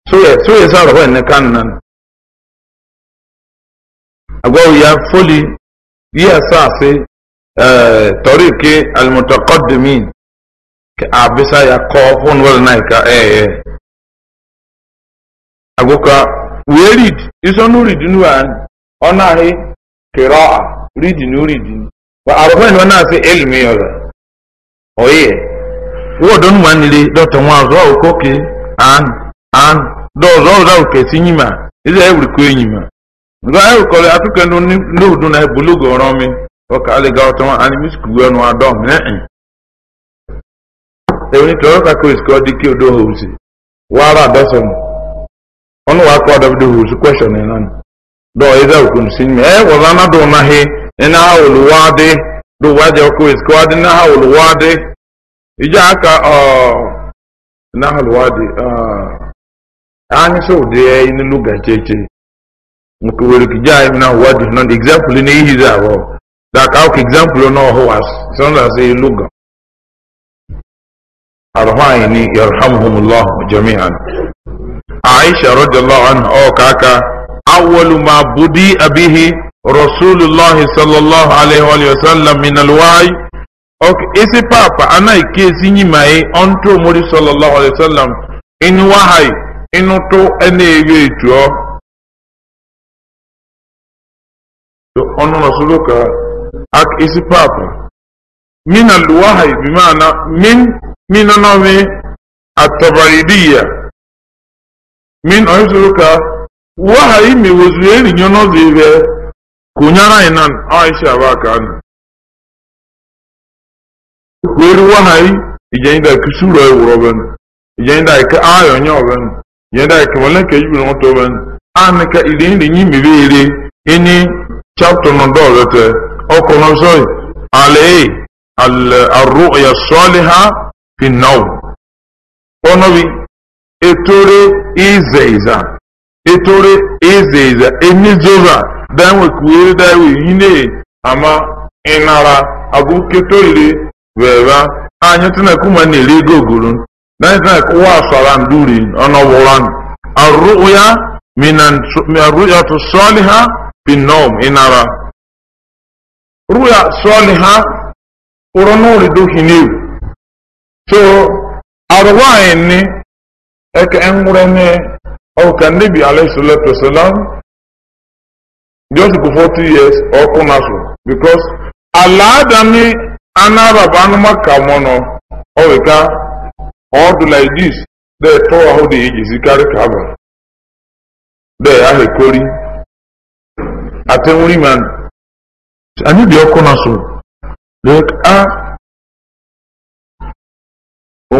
suye suye sa ro ne kan nan agwa ya foli ya sa se eh tarike al-mutaqaddimin ke abisa ya ko fon wal naika eh ee. Eh. agụka wee rid isonu ridinu an ọna ahị kịrọa ridinu ridinu wa arụfan wa na-asị elmi ọzọ oye wọdọ nwa nile dọta nwa ọzọ okoke an an dọzọ ọzọ oke si nyima ịza ewurikọ enyima nga ewurikọrọ atụkọ n'udu na ebulugo ọrọ mi ọka alịga ọtọ nwa anyị miskuwe ọnụ adọ m eh, eh. n'e ewu ni tọrọ kakọ isikọ dike odo hausi wara adọsọ mu ọnụ wa akọ ọdọ bidihu su kweshọn ị nan dọ ịza okun si mi e wọza na dọ na hi ina ha oluwa dị dọ wa jẹ ọkụ esi kwa dị na ha oluwa dị ije aka ọ na ha oluwa dị anyị sọ ụdị ya ị nilu gacheche nke were kije anyị na ụwa dị nọ na egzampụl na ihi za abụọ da ka ọkụ egzampụl na ọhụ wa sọnda sị ilu ga arụhụ anyị ni yarhamhumullah jami'an aisha radiyallahu anha ọ oh, ka aka awwalu ma budi abihi rasulullahi sallallahu alaihi wa sallam min alwa'i ok isi papa ana ke sinyi mai onto muri sallallahu alaihi wa sallam inu wahai inu to ene ege etuo to onu rasuluka ak isi papa min alwahi bi ma'ana min min anawi at min oisuruka waha imi wozuyeri nyono zive kunyara inan aisha bakan kweri wahai ijenda kisuro ewuroben ijenda ka ayo nyoben ijenda ka wala ka yibu notoben an ka ideni ni mibere ini chapter no dozete okono soy alay e, al arru'ya salihah fi an-nawm ono bi etore izeiza etore izeiza emizoza dawe kuwere dawe yine ama inara abu ketorire weba anya tana kuma ne lego gurun dan tana kuwa saran duri ana woran arruya minan arruya to saliha bin nawm inara ruya saliha urano ridu hiniu so arwaini eke enwurene ọka nnebi alaisalatu wasalam just go 40 years ọkụ because alaadami anarab anụmaka mọnọ ọwịka like idis de tọwa ahụ dị ijizi karị ka aba de ahụ ekori atenwuri man anyị dị ọkụ naso like ah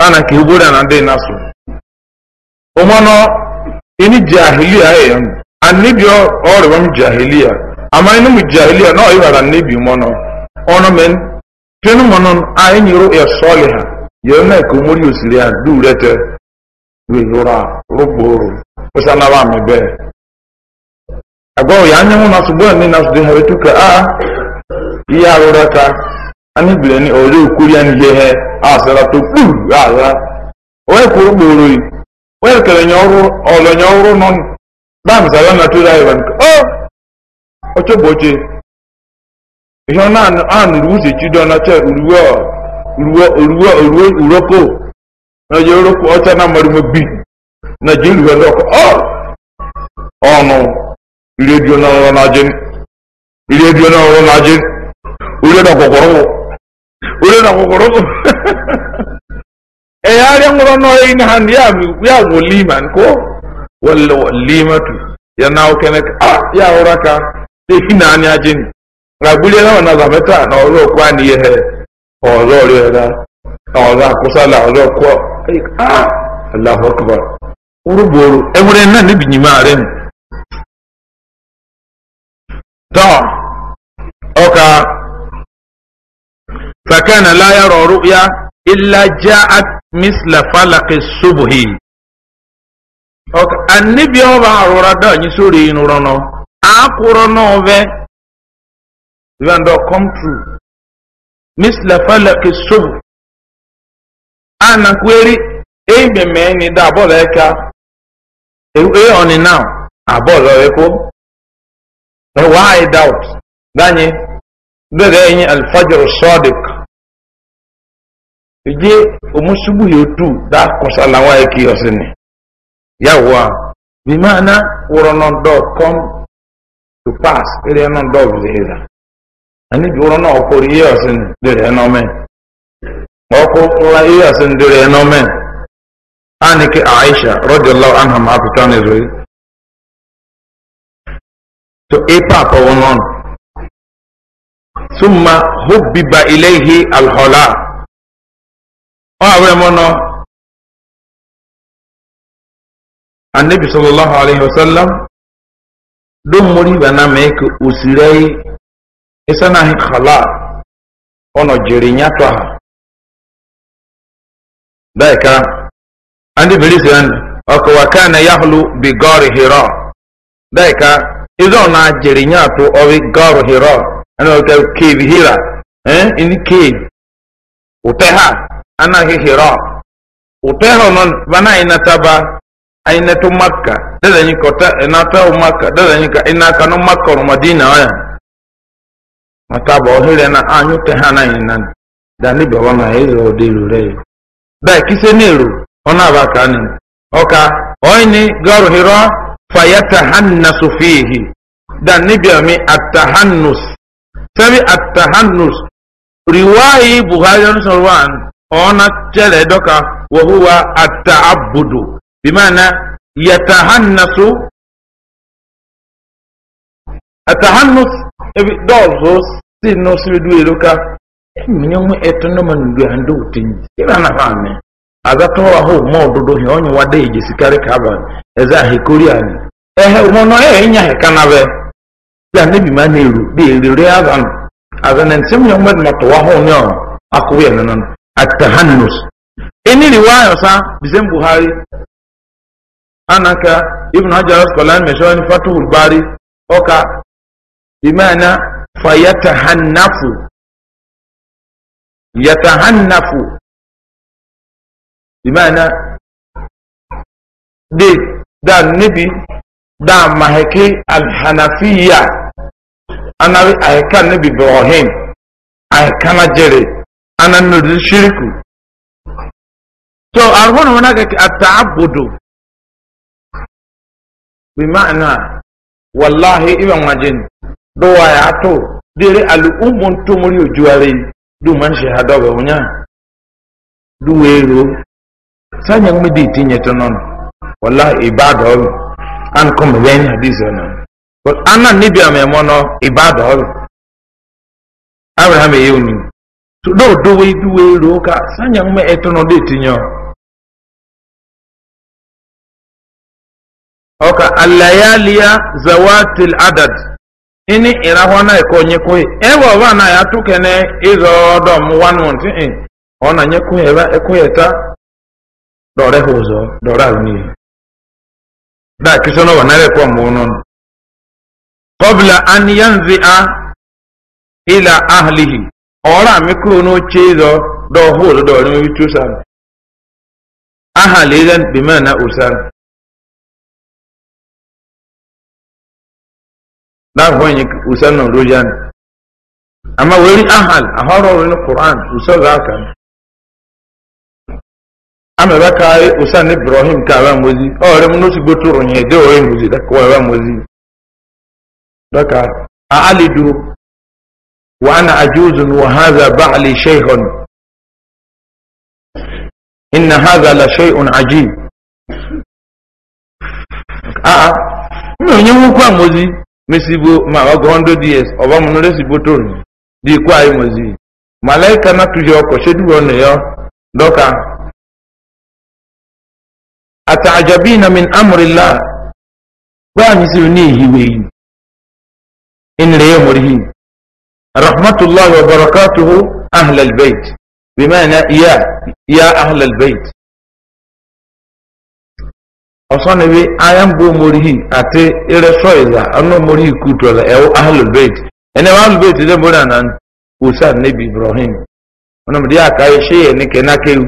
ana ke gura na dai nasu umano ini jahiliya ya annabi ore wam jahiliya ama inu mu jahiliya no yi bara annabi mono ono men tinu mono ayi nyiro ya soliha ya na ko muri usiri a durete we yura ruburu usana ba me be agbo ya nyamu nasu bo ni nasu de hawe tuka a iya rurata ani bile ni ori ukuri ya n'ihe he asara to bu ara we ko gboro yi o ocho nye ihon na an ruzi chi do na che ruwo ruwo ruwo ruwo uroko na na bi na uruwe na kokoro e eh, yare ngoro no yi na handi ya ya liman ko ya nawo kene ah ya oraka de hina ni ajin ga na na za meta na oro kwa ni ye he oro ri ọzọ oro akusala ọzọ ko ah allah akbar uruboro e فكان لا يرى رؤيا إلا جاءت مثل فلق الصبح النبي هو عرورة داني سوري نورانو أقرانو به even though come true مثل فلق الصبح أنا كويري أي بمعنى دا بولايكا أي أوني ناو أبولايكو why doubt داني بغيني الفجر الصادق eje omusubuhi otu da kosala nwa ya osini yawa bimana wuro no do come to pass ere no do bizeza ani wuro no okori ye osini dere no me oko la ye osini dere no me aisha radiyallahu anha ma afitan ezoi to e papa wonon summa hubbiba ọ̀rẹ́ mọ́nà annabi sallallahu alaihi wasallam don muri bana mai ka usirai isa na khala ọnà jirin ya tọ́ eh, ha dáìka andy belize yan ọkọ̀ wa ká na yahlu bi gọ́ọ̀rì hìrọ̀ dáìka ìzọ́ na jirin ya tọ́ ọbí gọ́ọ̀rì hìrọ̀ ẹni ọkọ̀ kéèvì hìrà ẹni kéèvì òtẹ́ ha ana hihira uteho non bana ịnata ainatu makka dada nyiko ta inata makka dada nyika inaka no makka no madina aya mataba ohere na anyu te hana inan dani baba na hizo dilu re ba kise neru ona ba kani oka oini garu hira fayatahannasu fihi dani biami atahannus sabi atahannus riwayi buhari on sorwan ona chere doka wa huwa at-ta'abbudu bimaana yatahannasu atahannus dozo sino sibidu eruka minyamu etono mandu ando tinji ira na fami azato wa ho mododo he onyi wade je sikare kaba eza he korean ehe umono e nya he kanabe ya ne bi maneru bi erere azan azan en semyo mad matwa ho nyo akuwe nanan atahananus enyiri nwayọsa disembu haịrị anaka ịbụ na ha jara nsọla na al n'efu atuhurubari ọka i ma anya fa ya taha nafu ya taha nafu i ma de da na ibi da ma a ike anafe ya nibi a ike na a ike anannu shirku so arhon hunaka at-ta'abbudu bi ma'ana wallahi iban wajin do waya to dire al-ummun tumuri ujuare du man shahada ba hunya du wero sanya mi di tinye tonon wallahi ibadu an kom ben hadis ona but anan nibia me mono ibadu abraham e yuni do do we do we ro ka sanya me etono de tinyo oka allayaliya zawatil adad ini irahwana ko nyeko ewa wana ya tukene izo do mu wanu nti in ona nyeko eba ekoyeta dore hozo dora ni da kisono wanare kwa qabla an a ila ahlihi ọrụ amikuru n'oche ịzọ dọhụ ụzọ dọrọ n'ihu chusan aha lezen bimana usan na yẹn usan nà rojan àmà wẹ́rí ahal ahọ́rọ̀ wẹ́rí ní quran usan zaka amẹ̀bá e, káyé usan ibrahim káwá mọ́zi ọ̀rẹ́ mu n'oṣù gbótó ròyìn ẹ̀dẹ́ ọ̀rẹ́ e mọ́zi dákọ̀ wá Dọka a àálẹ́ وأنا عجوز وهذا بعلي شيخ إن هذا لشيء عجيب آه من يوكوا موزي mesibo ma ogo 100 years oba mu nore di kwa ayi mozi malaika na tuje oko shedu ono yo doka atajabina min amri llah ba رحمة الله وبركاته أهل البيت بمعنى يا يا أهل البيت أصلا بي أيام بو مريه أتي إلى ذا أنو مريه كوتو ذا أو أهل البيت أنا أهل البيت ذا بولانا وسان نبي إبراهيم أنا مديا كاي شيء نك نكيو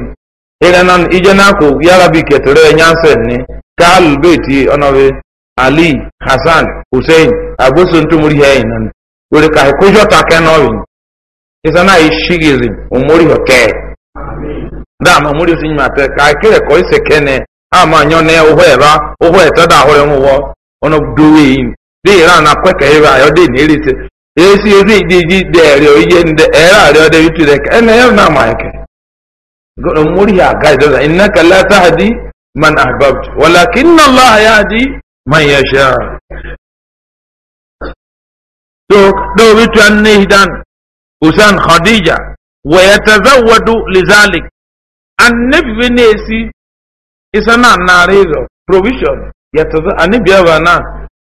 إلى نان إجناكو يا ربي كتره نيانسن ني كأهل البيت أنا بي علي حسن حسين أبو سنتو مريه أينان wèrè kà ìkójọ́ ta kẹ́nọ́ọ̀rì na náà ìṣígìzì òmórí ọ̀kẹ́ dáàmú òmórí sí ìyìn àtẹ ká ìkéré kọ́ ìsè kẹ́nẹ́ àmọ́ àyàn ní owó ẹ̀rá owó ẹ̀tọ́ dà ọ̀rẹ́ wọn wọ ọ̀nà dòwe yìí bí ìran náà kọ́kẹ́ ìrà ayọ́dẹ ìnírí ti èyí sí èyí ìdíjí dẹ ẹ̀rẹ́ oyé ẹ̀rá rẹ̀ ọ̀dẹ yìí tirẹ̀ ẹ̀nà ẹ̀rọ náà mà ẹ̀kẹ́ òmórí àga ìdọ́sà iná kẹlẹ́ sáà di man àgbàbù wọ̀lá kí ń nà lọ́ àyà di man yẹ ṣe so do vitu anihdan usan khadija wa wadu lidhalik annabi ne si isana na rezo provision yataza annabi ba na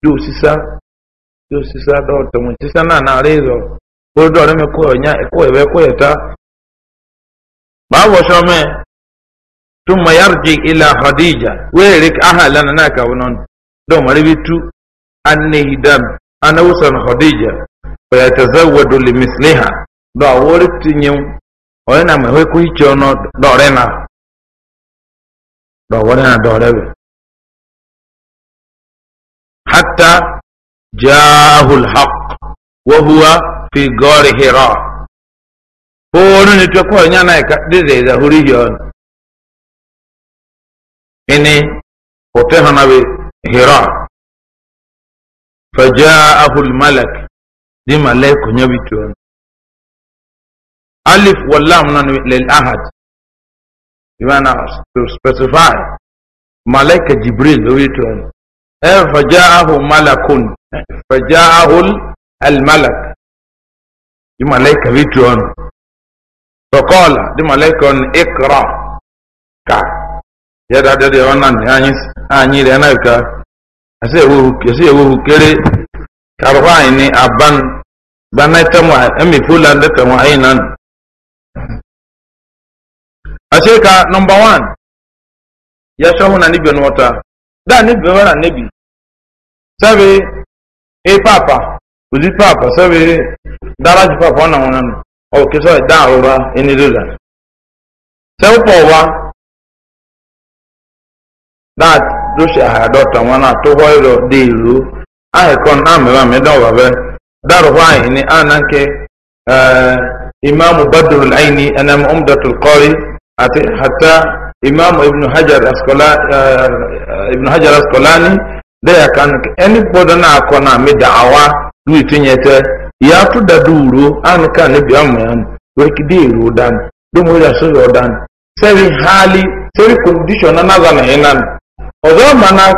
do sisa do sisa do to mu sisa na na rezo o do re me nya ko e ko e ta ba wo me thumma yarji ila khadija wa rik ahlan naka wonon do mari vitu anihdan ana wusan khadija wa yatazawwadu limithliha do awori tinyu oyena ma we ku no do rena do do hatta jaahu alhaq wa huwa fi ghari hira ono ni to ko nyana ka dide da huri yon ini hote hanawe hira فجاءه الملك دي ملاك نبيتون ألف واللام للأحد يبقى to specify ملك جبريل نبيتون إيه، فجاءه ملك فجاءه الملك دي ملاك بيتون فقال دي ملاك اقرأ كا يا دادي وانا اني اني آه، انا كا ase ewohu kere karwai ni aban bana tamu emi fulan da tamu ainan ka number one ya shahu na wata da nibi wara nibi sabe e papa uzi papa sabe daraji papa wannan o ke so da ini that dóṣe àhàdọ́ta wọn náà tó họ́ìrọ̀ dé ìlú àìkọ́ náà mẹ́wàá mẹ́dán wà bẹ́ẹ̀ dárúkọ àyìn ní nke imaamu badru aini anam umdatul qori ati hata imaamu ibn hajar askola uh, ibn hajar askolani bẹ́ẹ̀ kan ẹni gbọ́dọ̀ náà ni. náà ya dà wá lóyún tó yẹ tẹ́ ìyá tó dàdú hali although mana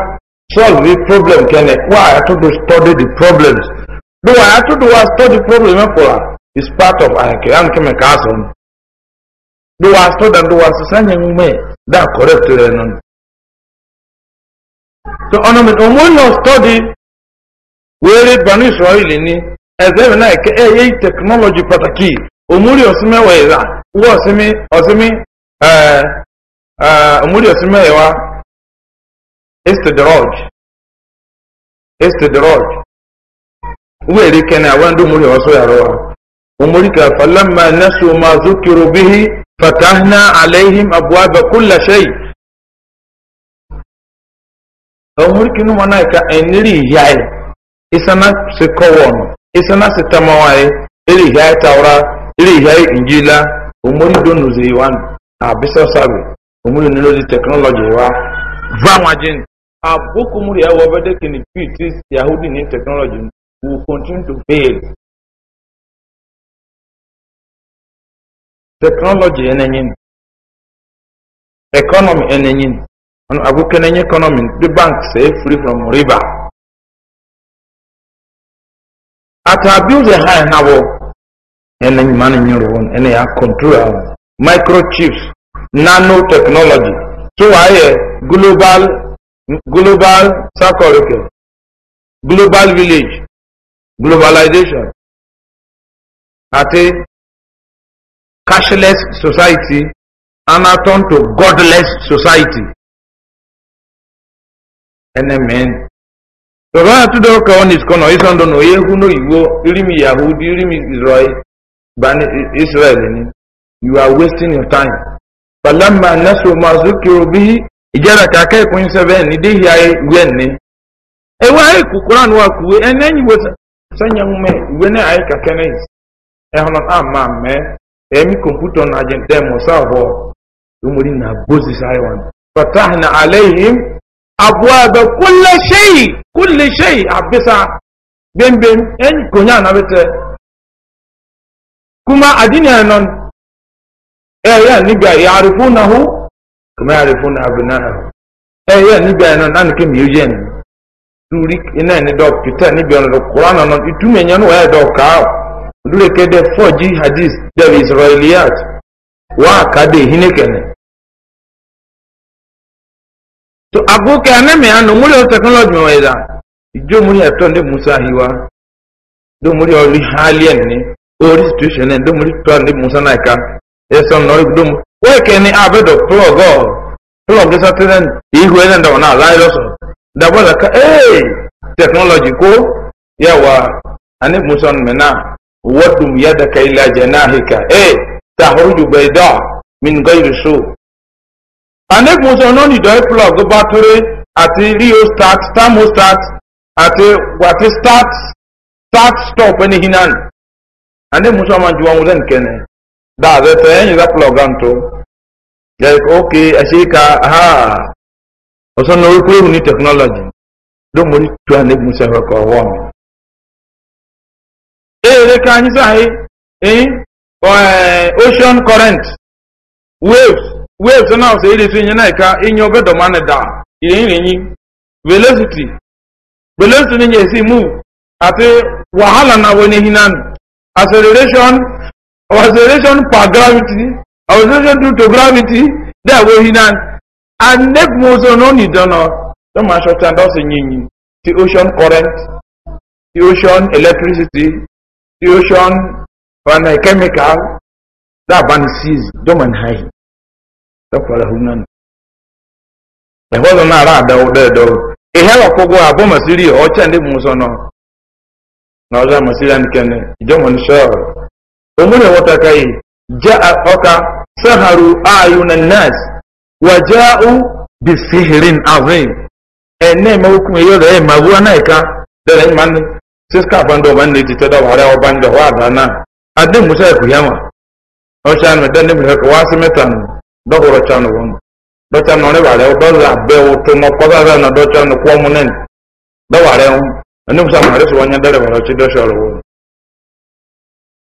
solve the problem kene why i to do study the problems do i have to do I study problem for eh, is part of an kiran keme kason do i study and do i sanya me that correct then eh, so on a omo no study where it banu israeli ni ezebe na ke a technology pataki omuri osime weza wo osime osime eh eh omuri osime wa استدراج استدراج ويري كان وان دو مري وسو ياروا ومري فلما نسوا ما ذكروا به فتحنا عليهم ابواب كل شيء ومري كنو مانا كا انري ياي اسنا سكوون اسنا ستمواي iri ya taura iri ya injila umuri donu ziwan a bisa sabi umuri nilozi technology wa vamwa jini abokum ya wa bada kini fitis yahudi ni technology will continue to fail technology enenyin economy enenyin and abokum enenyin economy the bank say free from riba at abuse high na wo enenyin man enyin ron ene ya control microchips nanotechnology so why global global circle global village globalization àti cashless society and anaton to godless society ẹnẹmẹn tọba àtúndọ̀ kan ní ìsìkọ́nà ìsọ̀ndọ̀nà oyehun òyìnbó irimi yahudi irimi israel bani israel ni you are wasting your time. فلما نسوا ما ذكروا به ijara ka aka ekwenye sebe ni dihi ya iwe nne ewe ayi kukura nuwa kuwe ene enyi wo sanya ngume iwe ne ayi kakene isi ehono ama me emi komputo na ajente musa ho umuri na bozi saywan fatahna alaihim abwaaba kulli shay kulli shay abisa bembem en konya na bete kuma adini anon eya ni ga yarifunahu kama yarifun abinahum eh ya ni bia no nan ke museum turi ina ni dok kita ni bia no qur'an no itume nyano wa dok ka dure ke de foji hadith de israeliyat wa ka de hinekene to abu ke ana me anu muri o technology me weda ijo muri eto nde musa hiwa do muri o ri halien ni o ri situation nde muri to nde musa na ka eso no do weke ni abedo plug all plug this atinen ihu ene ndo na lai loso dabola ka eh technology ko yawa ani muson mena wadum yadaka ila janahika eh tahruju bayda min ghayri su ane muson no ni do plug battery ati rio start thermostat ati wati start start stop ene hinan ane muson man juwa mulen kene da zai ta yanyi za pluganto ya yi oke a ka ha wasu na wuri kuri ni technology don muri tuwa ne musa ya kwa wani eh ka yi sahi eh ocean current waves waves na wasu iri sun yi na ika inyi obe da mana da irin velocity velocity na ya si move ati wahala na wani hinan acceleration observation per gravity observation due to gravity there wo hinan and neck mozo no need no no ma short and also nyinyi the ocean current the ocean electricity the ocean and chemical that ban sees don't man high to na ara da do e abo masiri o na za masiri and ken omune watakai jaa oka saharu ayuna nas wajau bisihirin azim ene mawukum eyo da eh, ma buwa naika da man siska ne wara wa da na adin musa ku yama o shan me dan ne ko wasu metan da horo chan won do chan ne wara o be o to no ko da na do chan ko wara o ne musa ma resu wanya da wara ci do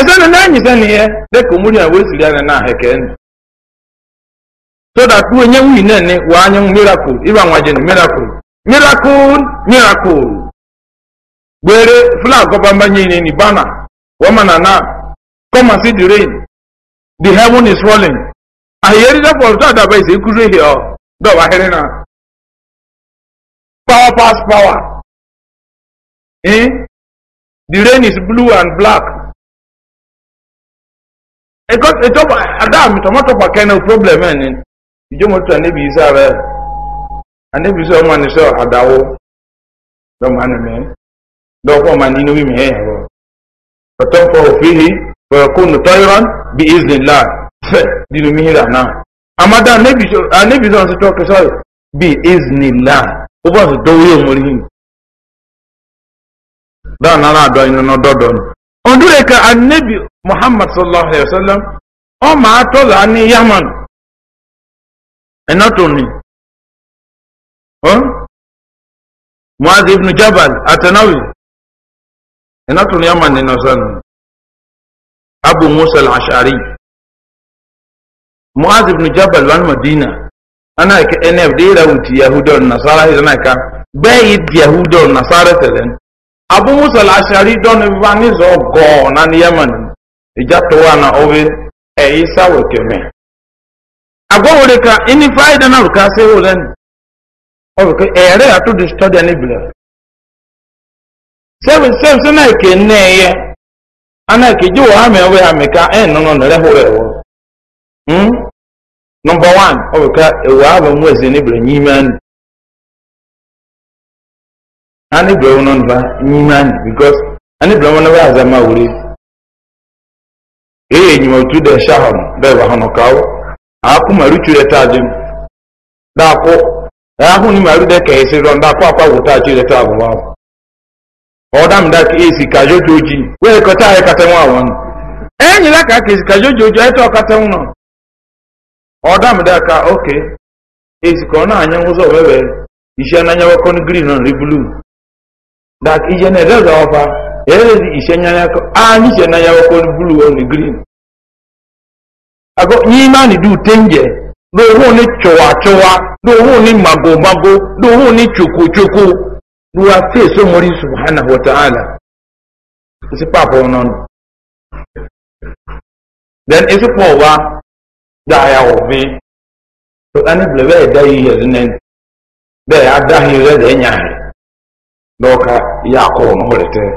ẹsẹni náà nyi sẹni yẹ bẹẹ kò múri àwọn esiri ẹni náà hẹkẹ ẹni so that wo nye wuyi náà ni wà á miracle ibà miracle miracle miracle wéré flag ọbàmbá nyi ni ni wọn mọ nana come and see the rain the heaven is falling àyẹ̀rí dẹ́pọ̀ tó àdàbà ìsè kúrò èyí ọ dọ̀wà hẹ́rẹ́ náà power pass power eh? the rain is blue and black adam tomato gbake na problem ẹni ìjọ mọtò anabi isa rẹ anabi isa man ni sọ adawo lọmọ anamẹ lọkọ for ni níbi mìíràn yàrá ọtọ fọ òfìhì fọkọ nùtọyọrọ bí izinla fẹ nínú mìíràn náà amada anabi isa ọsẹ tọkẹ sọrọ bí izinla ó bọ sọ dọwọ yóò mọrí yìí dáná náà dọ inú náà dọdọ ni ọdún rẹ muhammad sallallahu alaihi wasallam ọ máa tọ́lá ní yaman ẹ̀nà tó ní muaz ibn jabal atanawi ẹ̀nà tó ní yaman nínú sanu abu musa al-ashari muaz ibn jabal wani madina ana ka nf da yi rawunci yahudar nasara hizana ka bẹ́ẹ̀ yi yahudar nasara tẹ̀lẹ̀ abu musa al-ashari don ibanizọ gọ̀ọ́ na ni yaman ijatuwa na ove e isa wekeme agwawore ka ini faida na ruka sai wulen obi ka ere atu di study ni bila seven seven sana ke ne ye ana ke ji wa me we ka en no no re ho rewo hmm number 1 obi ka e wa ba mu ezi ni bila nyiman ani bila wonon ba nyiman because ani bila wonon ba azama wuri Ee, enyima otu da nsha ahụ no dɛ ɛwɔ hɔ maru da ni maru dɛ kɛse rɔ daako akɔ awota akyi dɛ ta agoma hɔ ɔdam da ke esi kajo joji wɛrɛ kɔta ayɛ ka ke ka kajo joji ayɛ tɔ kata e e e ka ok na anya nwosɔ bɛbɛ ihyɛn na anya green na blue na erezi ishenyanyako anyi ah, shenyanyako ni blue or ni green ago nyima ni du tenje do hu ni chowa chowa do hu ni mago mago do hu ni chuku chuku wa fe so mori subhanahu wa isi papo non then wa ya obi ya ya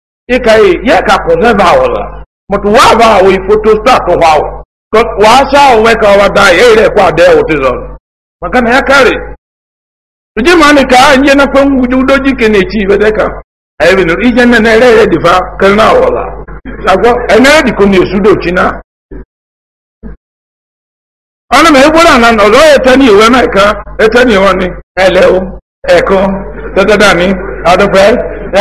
ikaye ya ka preserve awola but wa ba we photo start to wow cuz wa sha o we ka wa da ye re kwa de o tizo maka na ya kare tuje mani ka anje na kwa ngudu doji ke ne chi be de ka ayi bi no ije e na na re re di fa kan na awola sagwa ene di ko ni osudo china ana me gbora e na no lo etani iwe na ka etani woni ele o eko dadada ni adope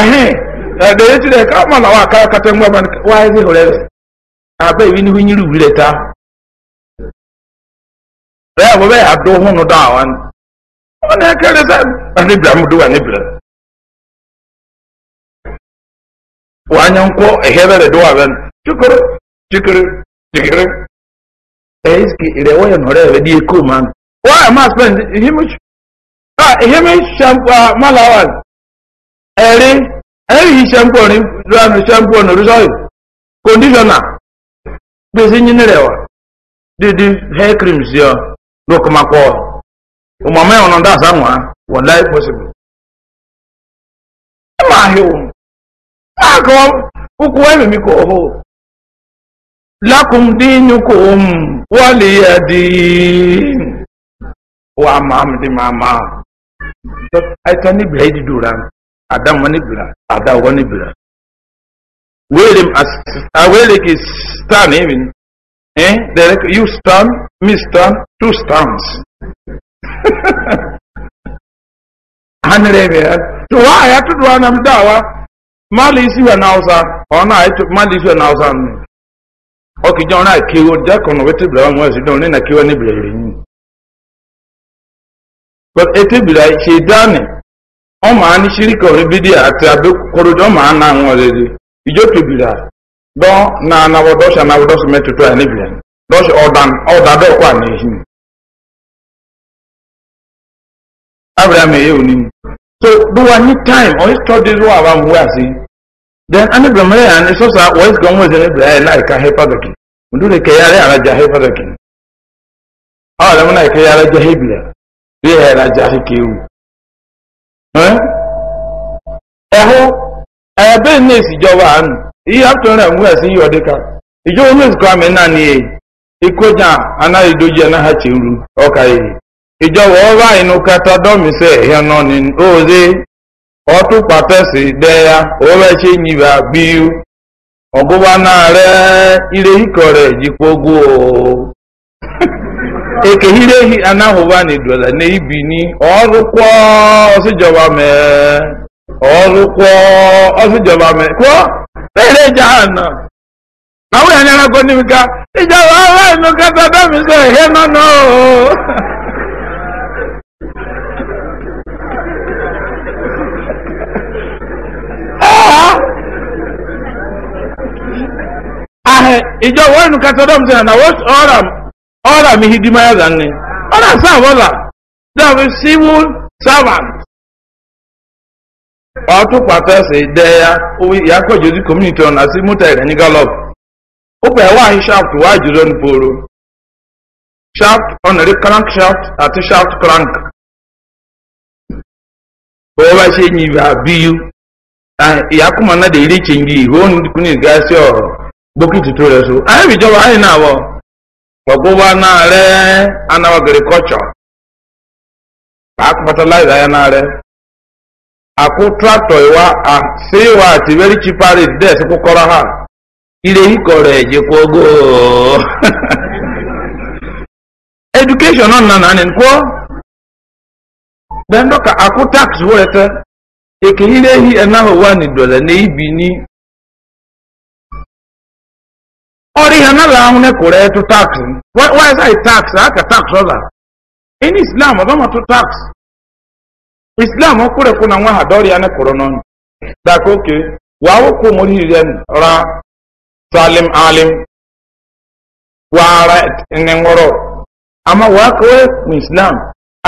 ehin ẹ̀dẹ̀ yìí ti dẹ̀ ká mọ̀ làwọn akáyọ̀kátẹ́ ńgbà máa wá ẹ̀sìn rẹ̀ rẹ̀ abẹ́ ìwé ni wíyìn rúwì rẹ̀ ta bẹ́ẹ̀ wọ́n bẹ́ẹ̀ àdó hún dá àwọn ni wọ́n ní ẹ̀kẹ́rẹ́ sẹ́ ẹni bìrẹ̀ amúdó wà ní bìrẹ̀ wọ́n á nyẹ ńkọ́ ẹ̀hẹ́ bẹ́ẹ̀ ni nọ̀rẹ́ di ekó man wọ́n ẹ̀rí. ẹ̀rí ìṣẹ́mpọ̀ ní ìrànà ìṣẹ́mpọ̀ ní orísọ́yì kọndíṣọ́nà bí sí yín rẹ̀ wà dídí hair cream sí ọ lókùnmápọ̀ ọmọ mẹ́rin ọ̀nà dáàsá wọn wọ̀n láì pọ̀sibù. ẹ máa hí òun máa kọ́ kúkú ẹ̀mí mi kọ̀ ọ́ lákùn dínú kò ń wà máa mi dì máa máa. adam wani bira ada wani bira as, a wele ke stand even eh there you stand me stand two stands hanere be to wa ya to do na mdawa mali si wa nausa ona ito mali si wa nausa ni oki jo na kiwo da kono wete bira mo si don ni na kiwo ni bira ni but ete bira she dane ọmọ anị shirika oribidi ati abekorodo ọmọ anị anwụ ọdịdị ijo tobira dọ na anabọ dọsha anabọ dọsha metụtụ anyị bịa dọsha ọdan ọdadọ ọkwa na ehi abraham eye onini so do wa need time or study ruwa aba mgbe asị then anị bịa mere ya anị sọsa wọis gọọ nwezi na ebira ya na ịka hepadọki ndu ne ke yare araja hepadọki ọ dị mụ na ịka yare aja hebira ya yare aja hekewu ẹ̀họ́ ẹ̀ẹ́bẹ́ ní ìsìjọba àánú iye àtúnrẹ̀ ń wẹ̀ sí yíò díka ìjọ omi ìsìnkú àmì náà ni ìkójà anáyédójì ha ti ọkà èyí ìjọba ọba inú kẹta dọ́mísẹ̀ ẹ̀yàn náà ni óòzé ọtún pàtẹ́sì dẹ́yà òwúrọ̀ ẹ̀ṣẹ̀ yìnbà bíu náà ilé ikọ̀ rẹ̀ jìpọ̀ ekehiri ehi anaghụwa na eduola na ọrụkwọ ọsịjọba mee ọrụkwọ ọsịjọba mee eji aha nọ na nwunye anya na gọ n'imi ịjọba ọrụ ihe nọ ọrụ na wọs ọrụ ọrịa mi hidima ya zanne ọrịa sáà bọ́là dàbí civil servant ọtúpàtà sí dẹ́ ya yàkọ̀ jòdì community ọ̀nà sí múta ẹ̀rẹ̀ ní gallop ó pẹ̀ shaft wá jùlọ ní shaft ọ̀nà rí crank shaft àti shaft crank owó bá ṣe yìn bá and yú na náà dé ilé ìkẹyìn yìí ó ń kún ní ìgbà sí ọ̀rọ̀ bókìtì tó rẹ̀ so àyẹ̀bìjọba àyìn náà ọgbụgba naarị anaghị agrikọlchọ akụ fatalaịza ya naarị akụ traktọ ịwa a si iwa ati veri chipari des kwụkọrọ ha ire ikọrọ ejikwa ogo edukeshọn nọ na nanị kwuo dendọka akụ taksị wụrịta eke ire ehi enahụ wa ni na ibi ni ọrịa ha nala ahụ na-ekwere ịtụ tax why is a tax ka tax ọla in islam ọ bama tụ tax islam ọkwụrụ ekwu na nwa ha dọrịa na-ekwere n'ọnyụ daka oke wa akwụkwọ mori ire ra salim alim wara ne ngoro ama wa kawai mu islam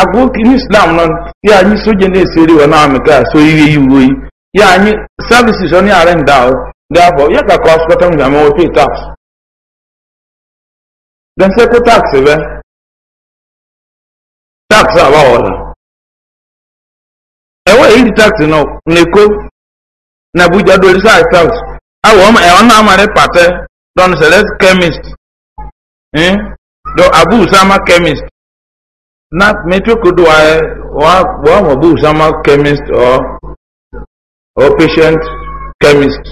agoki ni islam non ya anyị soje na seri wa na amika so iri iwu yi ya anyị services oni are ndị afọ ya ka cost ko tamu ama wo pay tax dẹsẹ kó táàkì tax táàkì àbá ọ̀la ẹ̀wọ́ èyí di táàkì náà nìkó n'abuja do research house awọ ọmọ don select chemist eh? abu sama chemist na metrokodo e, wa ẹ wọ́n abu chemist or or patient chemist.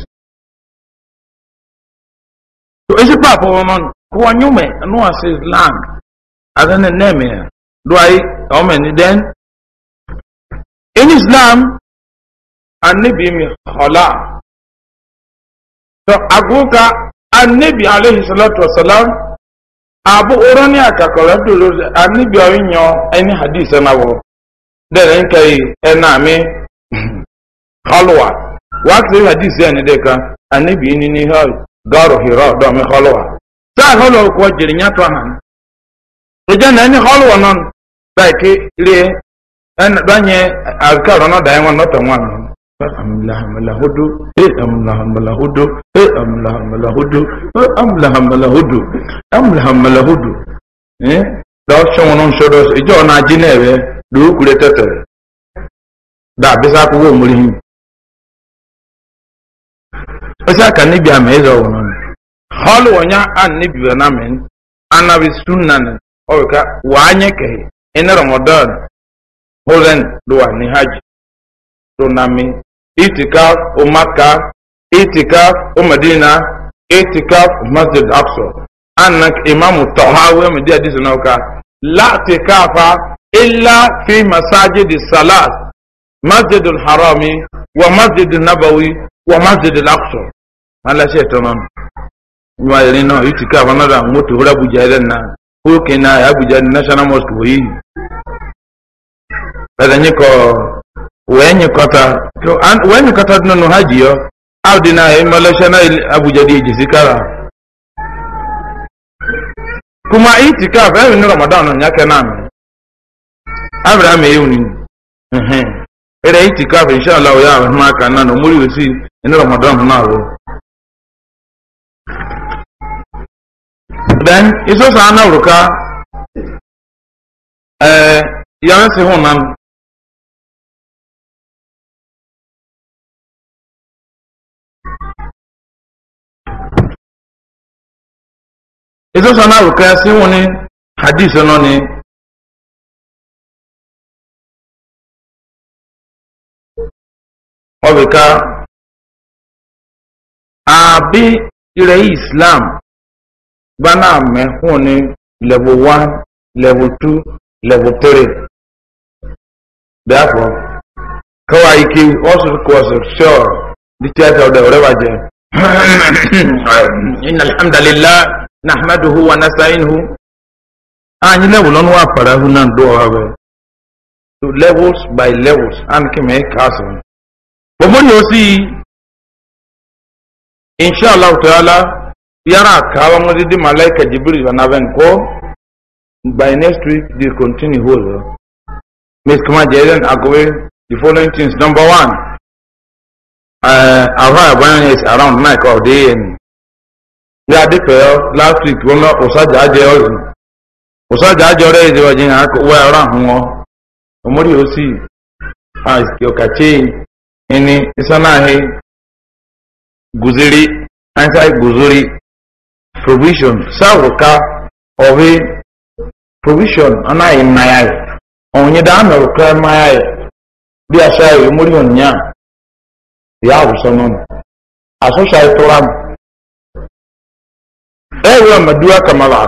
so esi paapọ̀ wọn woman kuwa nyume nuwa says land adana name ya do ai omen then in islam annabi mi khala to aguka annabi alayhi salatu wassalam abu urani akakora dolo anibi oyin any hadith na wo then en kai enami khalwa wa hadith ya ne deka inini ni ni ha garo hira do khalwa daa hɔlɔ kɔ gyere nyatɔ han sogya na ɛne hɔlɔ wɔ nɔn e amulahamalahodo e amulahamalahodo e amulahamalahodo amulahamalahodo ɛn dɔw sɔn wɔn nso dɔ so ìjọ ɔnà agye náà yɛ lóò kure tɛtɛ daa bisa akɔ wɔ omori him ɛsɛ aka ne bi ama ɛzɛ wɔn. hɔlu wɔnya anne biwa namen anabi sunan ɔbɛka wanyɛ kɛhɛ ɛne ramadan holen do wa ne hajj do nami itika o maka itika o madina itika o masjid abso anna imamu tahawi mu di hadisi na ɔka la tikafa illa fi masajid salat masjid harami wa masjid nabawi wa masjid al-aqsa ala shaytanan nwaere no itika abanara moto hura bujare na oke na ya bujare national mosque oyi bada nyiko wee nyikọta to wee dị ha ji yọ audi na emelecha na abuja dị ejisi kara kuma itika fe ni ramadan nya ke na mi abra me yuni ehe ere itika fe inshallah ya ma kana ramadan na then iso saa na uruka eh yare se ho nan iso saa na uruka si ho ni hadith no ni obika abi ire islam gbaná mẹ́hún ní level one level two level three therefore kọ́wá ike ọ̀sùn kọ́sù sure bí tí a ta ọ̀dọ̀ ọ̀rẹ́ wa jẹ. inna nahmaduhu wa nasa'inuhu. anyi ah, level lọ́nu wa fara hu náà dùn to levels by levels and kìmẹ̀ kásù. bọ̀bọ̀ ni ó sì inshallah ta'ala. yara kawo ngodi di malaika jibril na ko by next week they continue hold miss kuma jayden agowe the following things number one uh, eh, awareness around nine of the year ya last week wọn lọ ọ̀sájà ajẹ́ ọ̀rẹ́ ọ̀sájà ajẹ́ ọ̀rẹ́ ìdí ọ̀jẹ̀ yẹn wọ ẹ̀rọ àhùn wọn ọmọdé yóò sì àìsí ẹni ìsanáhìn gùzírí àìsí gùzírí provision sáwùká ọ̀wé provision anáyè mmanya yẹ ọ̀nyẹ dá mẹ̀rù kúrẹ́ mmanya yẹ bí aṣọ ayé mórí ònyà ìyá àwùsọ nínú àṣọṣọ ayé tó rámù ẹ wúlò àmàdúrà kàmàlà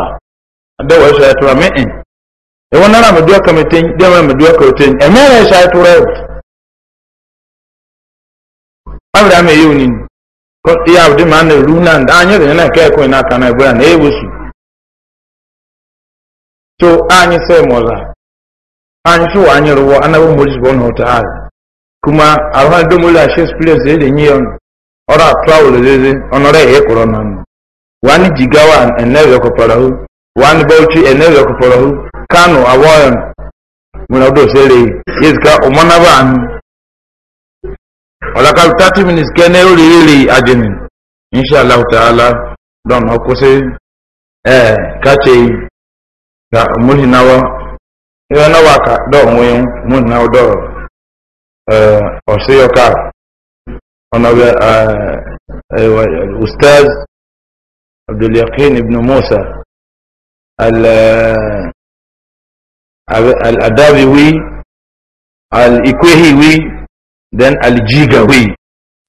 àdéhùn ẹṣọ ayé tó rámù ẹ̀ ẹ̀wọ̀n náírà àmàdúrà kàmẹ́tẹ́yìn dẹ́wọ̀n àmàdúrà kàmẹ́tẹ́yìn ẹ̀mẹ́rẹ̀ ẹṣọ ya bụ dị ma na eru na ndị anyị dị na nke ekwe na aka na ebe a na-ewusu to anyị sị mụla anyị sị wa anyị rụwa anaghị mmiri bụ ọnụ ụta ha kuma ahụ ndị mmiri a shi experience ezi enyi ya ọrụ atụ awụlụ ezi ọnọrọ ihe kụrụ na ndụ wani jigawa enebe kụpara hụ wani bauchi enebe kụpara hụ kano ya nwere ọdụ osere yi ezika ụmụnaba ahụ ọ̀làkà 30 minutes kẹ́ni ó rí rí ajẹ́ni inṣàlá ọ̀tàlá dọ̀n ọkọ̀ sí ẹ̀ káàkye ga múlìnáwọ́ ẹ̀rọ náà wà ká dọ̀ wọ́n múlìnáwọ́ dọ̀ ọ̀sẹ̀yọ̀ká ọ̀nà ustaz abdulyakin ibn musa al-adabiwi al-ikwehiwi. then aljigawi